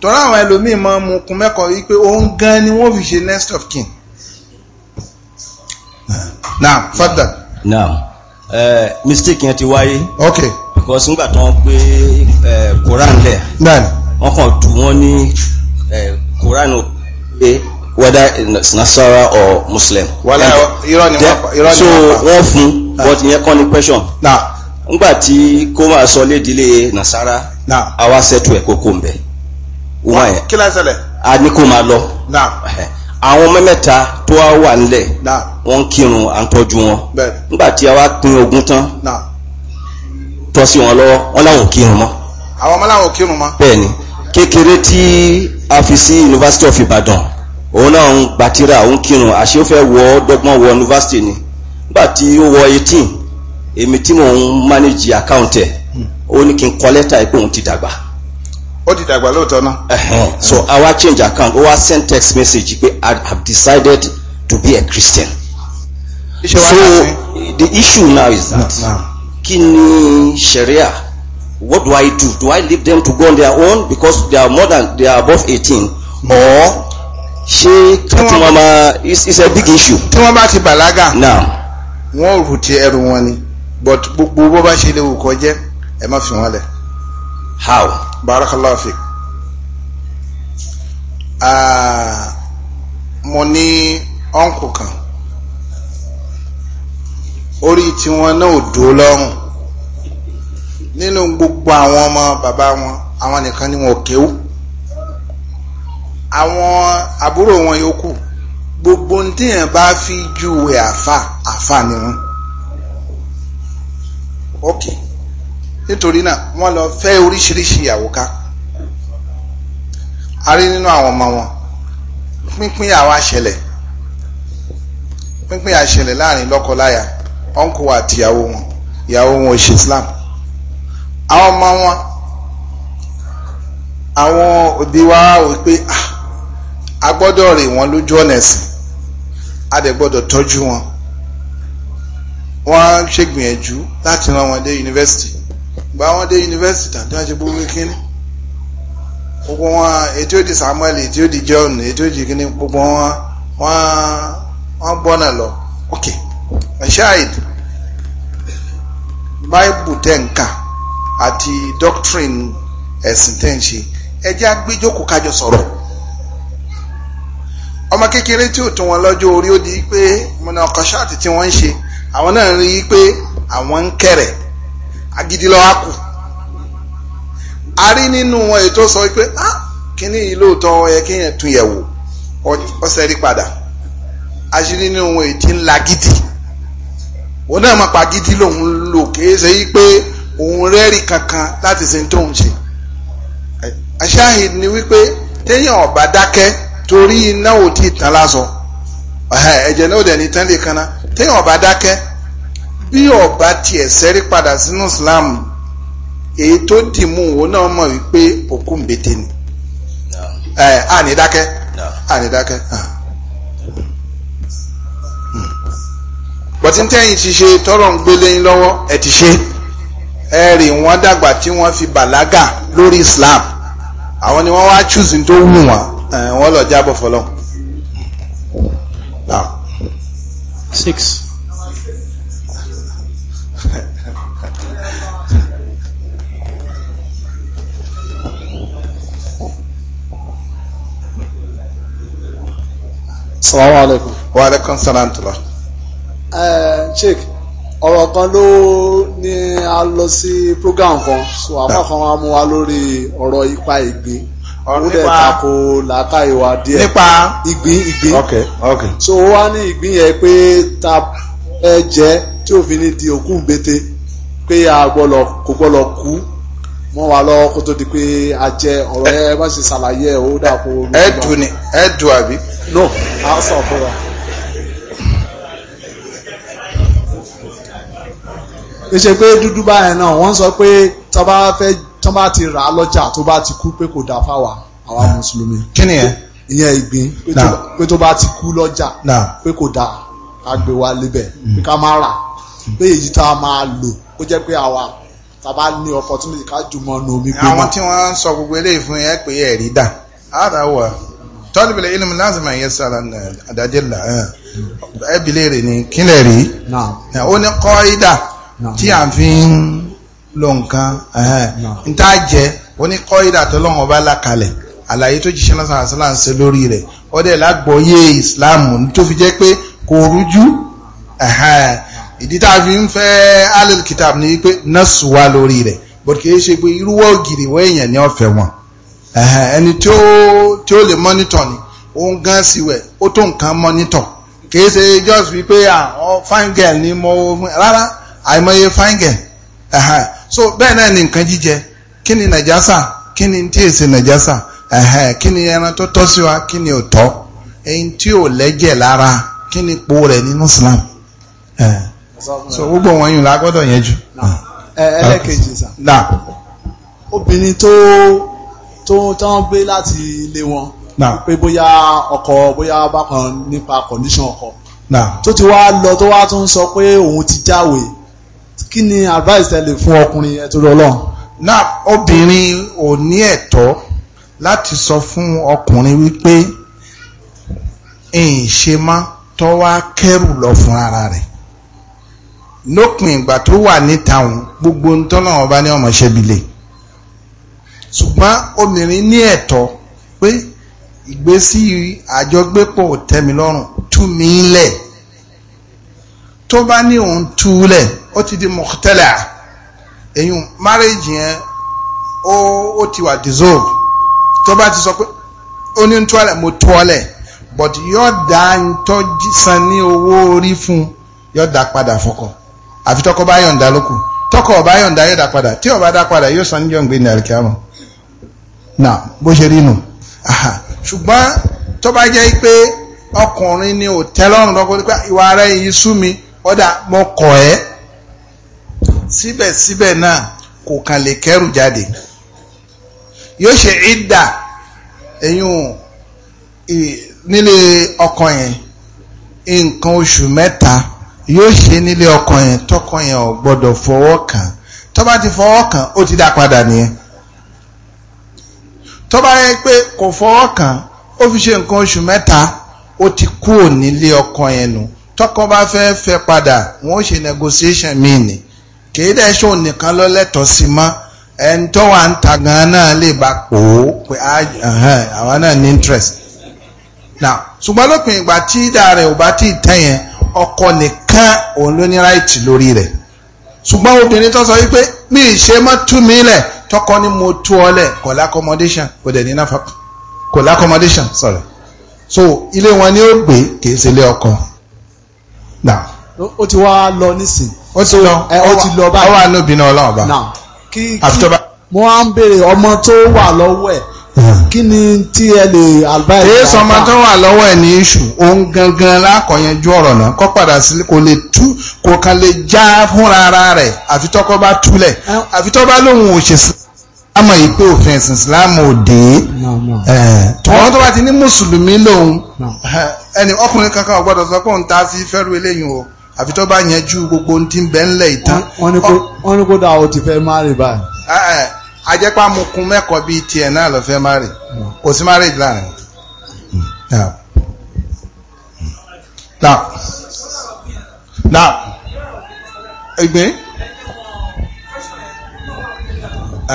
tọ́lá àwọn ẹlòmíì máa ń mu kun mẹ́kọ̀ọ́ wípé òun gan ni wọ́n fi ṣe next of kin. now further. now uh, mistake yẹn ti wáyé. okay. because nígbà tó ń gbé Quran lẹ̀. bẹ́ẹ̀ni. wọ́n kàn tù wọ́n ní Quran pé whether it's Nasara or Muslim. wàlá irọ́ ni wọ́n pa. so wọ́n fún but ìyẹn kọ́ ni question. now ngba ti ko so le dile nasara na awa setu e koko nbe wa kila sele a ni ko ma lo na awon memeta to wa wa nle na won kirun an toju won be ti awa tin ogun tan na to si won lo won kirun mo awon ma la kirun mo be kekere ti afisi university of ibadan òun náà ń gbàtíra òun kírun àṣé ó fẹ́ wọ dọ́gbọ́n wọ yunifásitì ni nígbà ti ó wọ etí èmi tí mò ń manage account ẹ̀ ó ní kí n kọ lẹ́tà ẹ̀ pé òun ti dàgbà. ó ti dàgbà lóòótọ́ náà. so I hmm. change account ó wá send text message pé I have decided to be a Christian. so the issue now is that hmm, hmm. kí ni sharia what do I do do I leave them to go on their own because they are more than they are above eighteen or ṣé tí wọ́n máa it's a big issue. tí wọ́n bá ti bàlágà. now wọ́n rù ti ẹrù wọn ni but gbogbo bó bá ṣe lè wù kó jẹ́ ẹ má fi wọ́n lẹ̀. how barakallahu fi. mo ní ọ̀nkù kan orí tiwọn náà ò dúró lọ́rùn nínú gbogbo àwọn ọmọ bàbá wọn àwọn nìkan ni wọn ò kéwú àwọn àbúrò wọn yòókù gbogbo ní bá fi júwe àfà àfà ni wọn ok nítorí náà wọ́n lọ fẹ́ oríṣiríṣi ìyàwó ká a rí nínú àwọn ọmọ wọn pínpín àwọn àṣẹlẹ̀ pínpín àṣẹlẹ̀ láàrin lọ́kọláya ọ̀nkù àti ìyàwó wọn ìyàwó wọn ò ṣe Islam àwọn ọmọ wọn àwọn òbí wa wò pé ah, a gbọ́dọ̀ rè wọ́n lójú ọ̀nà ẹ̀sìn a dẹ̀ gbọ́dọ̀ tọ́jú wọn wọ́n á ṣègbìyànjú láti rán wọn dé yunifásitì gba wọn dé yunifásitì tàbí wọ́n ṣe gbogbo kíní gbogbo wọn ètí ó di Samuel ètí ó di John ètí ó di kíní gbogbo wọn wọ́n gbọ́nà lọ ok ashaid báìbù tẹ̀ǹkà àti doctrine ẹ̀sìn tẹ̀ǹṣe ẹ jẹ́ agbẹjọ́kù kájọ sọ̀rọ̀ ọmọ kékeré tí ò tún wọn lọ́jọ́ orí ó di pé mọ̀nà ọ̀kọ́ṣáàtì tí wọ́n ń ṣe àwọn náà rí i pé àwọn ń kẹ̀rẹ̀ agídí lọ́wọ́ kù a rí nínú wọn ètò sọ pé ah kíní yìí lóòótọ́ ẹ kéèyàn tún yẹ̀ wò rí padà a ṣe nínú wọn ètí ńlá gidi wọn náà máa pa gidi lòun lò kìí ṣe yí pé òun ni wípé téèyàn ọba dákẹ́ torí iná ẹ̀jẹ̀ náà dẹ̀ ní tán lè kanna téèyàn bá dákẹ́ bí ọba tiẹ̀ sẹ́rí padà sínú Islam èyí tó dì mú òun náà mọ̀ wípé òkú ń bete ni àní dákẹ́ àní dákẹ́. Hmm. bọ̀tí tẹ́yìn ti ṣe tọrọ ń gbélé yín lọ́wọ́ ẹ ti ṣe ẹ rí wọn dàgbà tí wọ́n fi bàlágà lórí Islam àwọn ni wọ́n wá chúùsì tó wù wọ́n wọ́n lọ jábọ̀ fọlọ́hún. six. salamu alaikum. wa alaikum salam tula. sheik ọ̀rọ̀ kan ló ní a lọ sí program kan so àbá kan wá mú wa lórí ọ̀rọ̀ ipa ìgbín ó dẹ̀ tako làákà ìwà díẹ̀ nípa ìgbín ìgbín so wá ní ìgbín yẹn pé ta ẹ jẹ tí òfin ní di òkú gbété pé a gbọ́dọ̀ kò gbọ́dọ̀ kú mọ́ wa lọ́wọ́ kó tó di pé a jẹ ọ̀rọ̀ ẹ bá ṣe ṣàlàyé ẹ̀ ó dàpọ̀ olùkọ́ ẹ dùn ni ẹ dùn àbí. no a sọ fún wa. kì pé dúdú báyẹn náà wọ́n sọ pé tọ́ba fẹ́ tó bá ti rà á lọ́jà tó bá ti kú pé kò dá fáwa àwa mùsùlùmí. kí ni ẹ. ìyẹn ìgbín pé tó bá ti kú lọ́jà pé kò dá ká gbé wa lébẹ̀ mm. pé ká má rà pé èyí tá a máa lò kó jẹ́ pé àwa tá a bá ní opportunity ká jùmọ̀ nu omi gbé wọn. àwọn tí wọ́n sọ gbogbo eléyìí fún yẹn pé ẹ̀rí dà ara wà tọ́lùbìlẹ̀ ilmu lázìmọ̀ yẹ sára àdájẹ́là ẹ̀bìlẹ̀ rẹ̀ ni kílẹ̀ rí ó ní kọ́ ìdà tí a fi ń lo nǹkan jẹ oníkọ́ ìdàtọ́ lọ́wọ́ ọba làkàlẹ̀ àlàyé tó jíṣẹ́ lọ́sàn àṣálà ń ṣe lórí rẹ̀ ọdẹ lágbọ́yé islam tó fi jẹ pé kò rújú ìdí tá a fi ń alil kitab ni wípé nọ́ọ̀sù wá lórí rẹ̀ bọ̀dù kìí ṣe pé irúwọ́ ògiri wọ́n èèyàn ní wọn ẹni tí ó lè mọ́nítọ̀ ni sí ó tó nǹkan ni so bẹ́ẹ̀ náà ni nǹkan jíjẹ kí ni nàjásà kí ni tí èsì nàjásà ẹ̀hẹ̀ kí ni ẹran tó tọ́ sí wa kí ni ò tọ́ ẹyin tí ò lẹ́jẹ̀ lára kí ni po rẹ̀ nínú Islam so gbogbo wọn yìí lágbọ́dọ̀ yẹn jù. ẹlẹ́kejì sà obìnrin tó tó tán gbé láti ilé wọn pé bóyá ọkọ bóyá bákan nípa condition ọkọ tó ti wá lọ tó wá tún sọ pé òun ti jáwèé kí ni advice ẹ lè fún ọkùnrin yẹn torí ọlọ́run. náà obìnrin ò ní ẹ̀tọ́ láti sọ fún ọkùnrin wípé ẹ̀yìn ṣe má tọ́ wá kẹ́rù lọ fún ara rẹ̀ lópin ìgbà tó wà níta òun gbogbo ń tọ́nà ọba ní ọmọ ṣẹ́bi lè ṣùgbọ́n obìnrin ní ẹ̀tọ́ pé ìgbésí àjọgbépọ̀ tẹ́mi lọ́rùn tú mi lẹ̀ tó bá ní òun túlẹ̀ ó ti di mọ̀tẹ́lẹ̀ ẹ̀yìn márẹ́jì yẹn ó ti wà dissolve tó bá ti sọ pé ó ní túlẹ̀ mo túlẹ̀ but yóò dá tọ́jú san ní owó orí fún yóò dá padà fọkọ àfi tọkọ bá yọ̀ǹda lókù tọkọ ọba yọ̀ǹda yóò dá padà tí ọba dá padà yóò san níjọ́ ìgbé ní àríkàmọ́ nà bó ṣe rí nù ṣùgbọ́n tó bá jẹ́ pé ọkùnrin ni ò tẹ́lọ́rùn lọ́kọ́ nípa ìwà ara yìí sú mi ọ̀dà mo kọ̀ ẹ́ síbẹ̀síbẹ̀ náà kò kàn lè kẹ́rù jáde yóò ṣe ìdà ẹ̀yìn nílé ọkọ yẹn nǹkan oṣù mẹ́ta yóò ṣe nílé ọkọ yẹn tọkọ yẹn ò gbọ́dọ̀ fọwọ́ kàn tó bá ti fọwọ́ kàn ó ti dá padà nìyẹn tó bá yẹ pé kò fọwọ́ kàn ó fi ṣe nǹkan oṣù mẹ́ta ó ti kúrò nílé ọkọ yẹn nù tọkọ bá fẹ́ fẹ́ padà wọ́n ṣe negotiation míì ni kìí dẹ́ ṣó nìkan ló lẹ́tọ̀ọ́ sí mọ́ ẹni tó wà ń ta gan náà lè bá pò ó pé àwọn náà ní interest. now ṣùgbọ́n lópin ìgbà tí ìdá rẹ̀ ò bá tí ì tẹ̀ yẹn ọkọ nìkan òun ló ní right lórí rẹ̀ ṣùgbọ́n obìnrin tó sọ wípé mi ì ṣe mọ́ tú mi lẹ̀ tọkọ ni mo tú ọ lẹ̀ kò l'accommodation kò dẹ̀ ní náfa kò l'accommodation sorry so ilé wọn ni ó gbé kì í ṣe ilé ọkọ ó ti wá lọ nísìn. ó ti lọ ó ti lọ báyìí. ó wà lóbìnrin ọlọ́run bá. now kí kí mo wá ń béèrè ọmọ tó wà lọ́wọ́ ẹ̀ hmm. kí ni tí ẹ lè àlùbáyé. èyí sọmọ tó wà lọ́wọ́ ẹ̀ ní iṣu òun gangan lákọ̀yẹnjú ọ̀rọ̀ náà kọ́ padà sí kò lè tú kò kàn lè já fúnra rẹ̀ àfi tọ́kọ́ bá túlẹ̀ àfi tọ́ bá lóun ò ṣèṣin àmọ́ ìpé òfin ẹ̀sìn islam òde tọ́wọ́n tó bá ti ní mùsùlùmí lòun ẹni ọkùnrin kankan ọgbọ́dọ̀ sọ pé òun ta sí fẹ́rù eléyìn o àfi tó bá yanjú gbogbo ohun tí ń bẹ ńlẹ̀ ìtàn. wọ́n ní kó dà o ti fẹ́ má rè báyìí. ajẹ́pá mu kun mẹ́kọ̀ọ́ bíi tiẹ̀ náà lọ fẹ́ má rè kò sí má rè láàrin.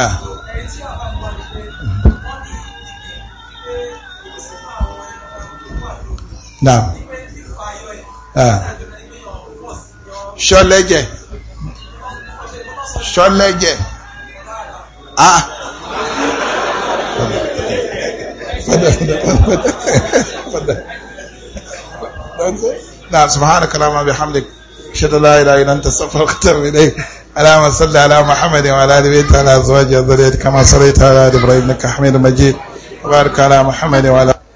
Ah. نعم ṣọlẹ́jẹ̀ ṣọlẹ́jẹ̀ ah نعم سبحانك اللهم وبحمدك اشهد ان لا اله الا انت استغفرك واتوب اللهم صل على محمد وعلى ال بيته وعلى ازواجه كما صليت على ال ابراهيم انك حميد مجيد وبارك على محمد وعلى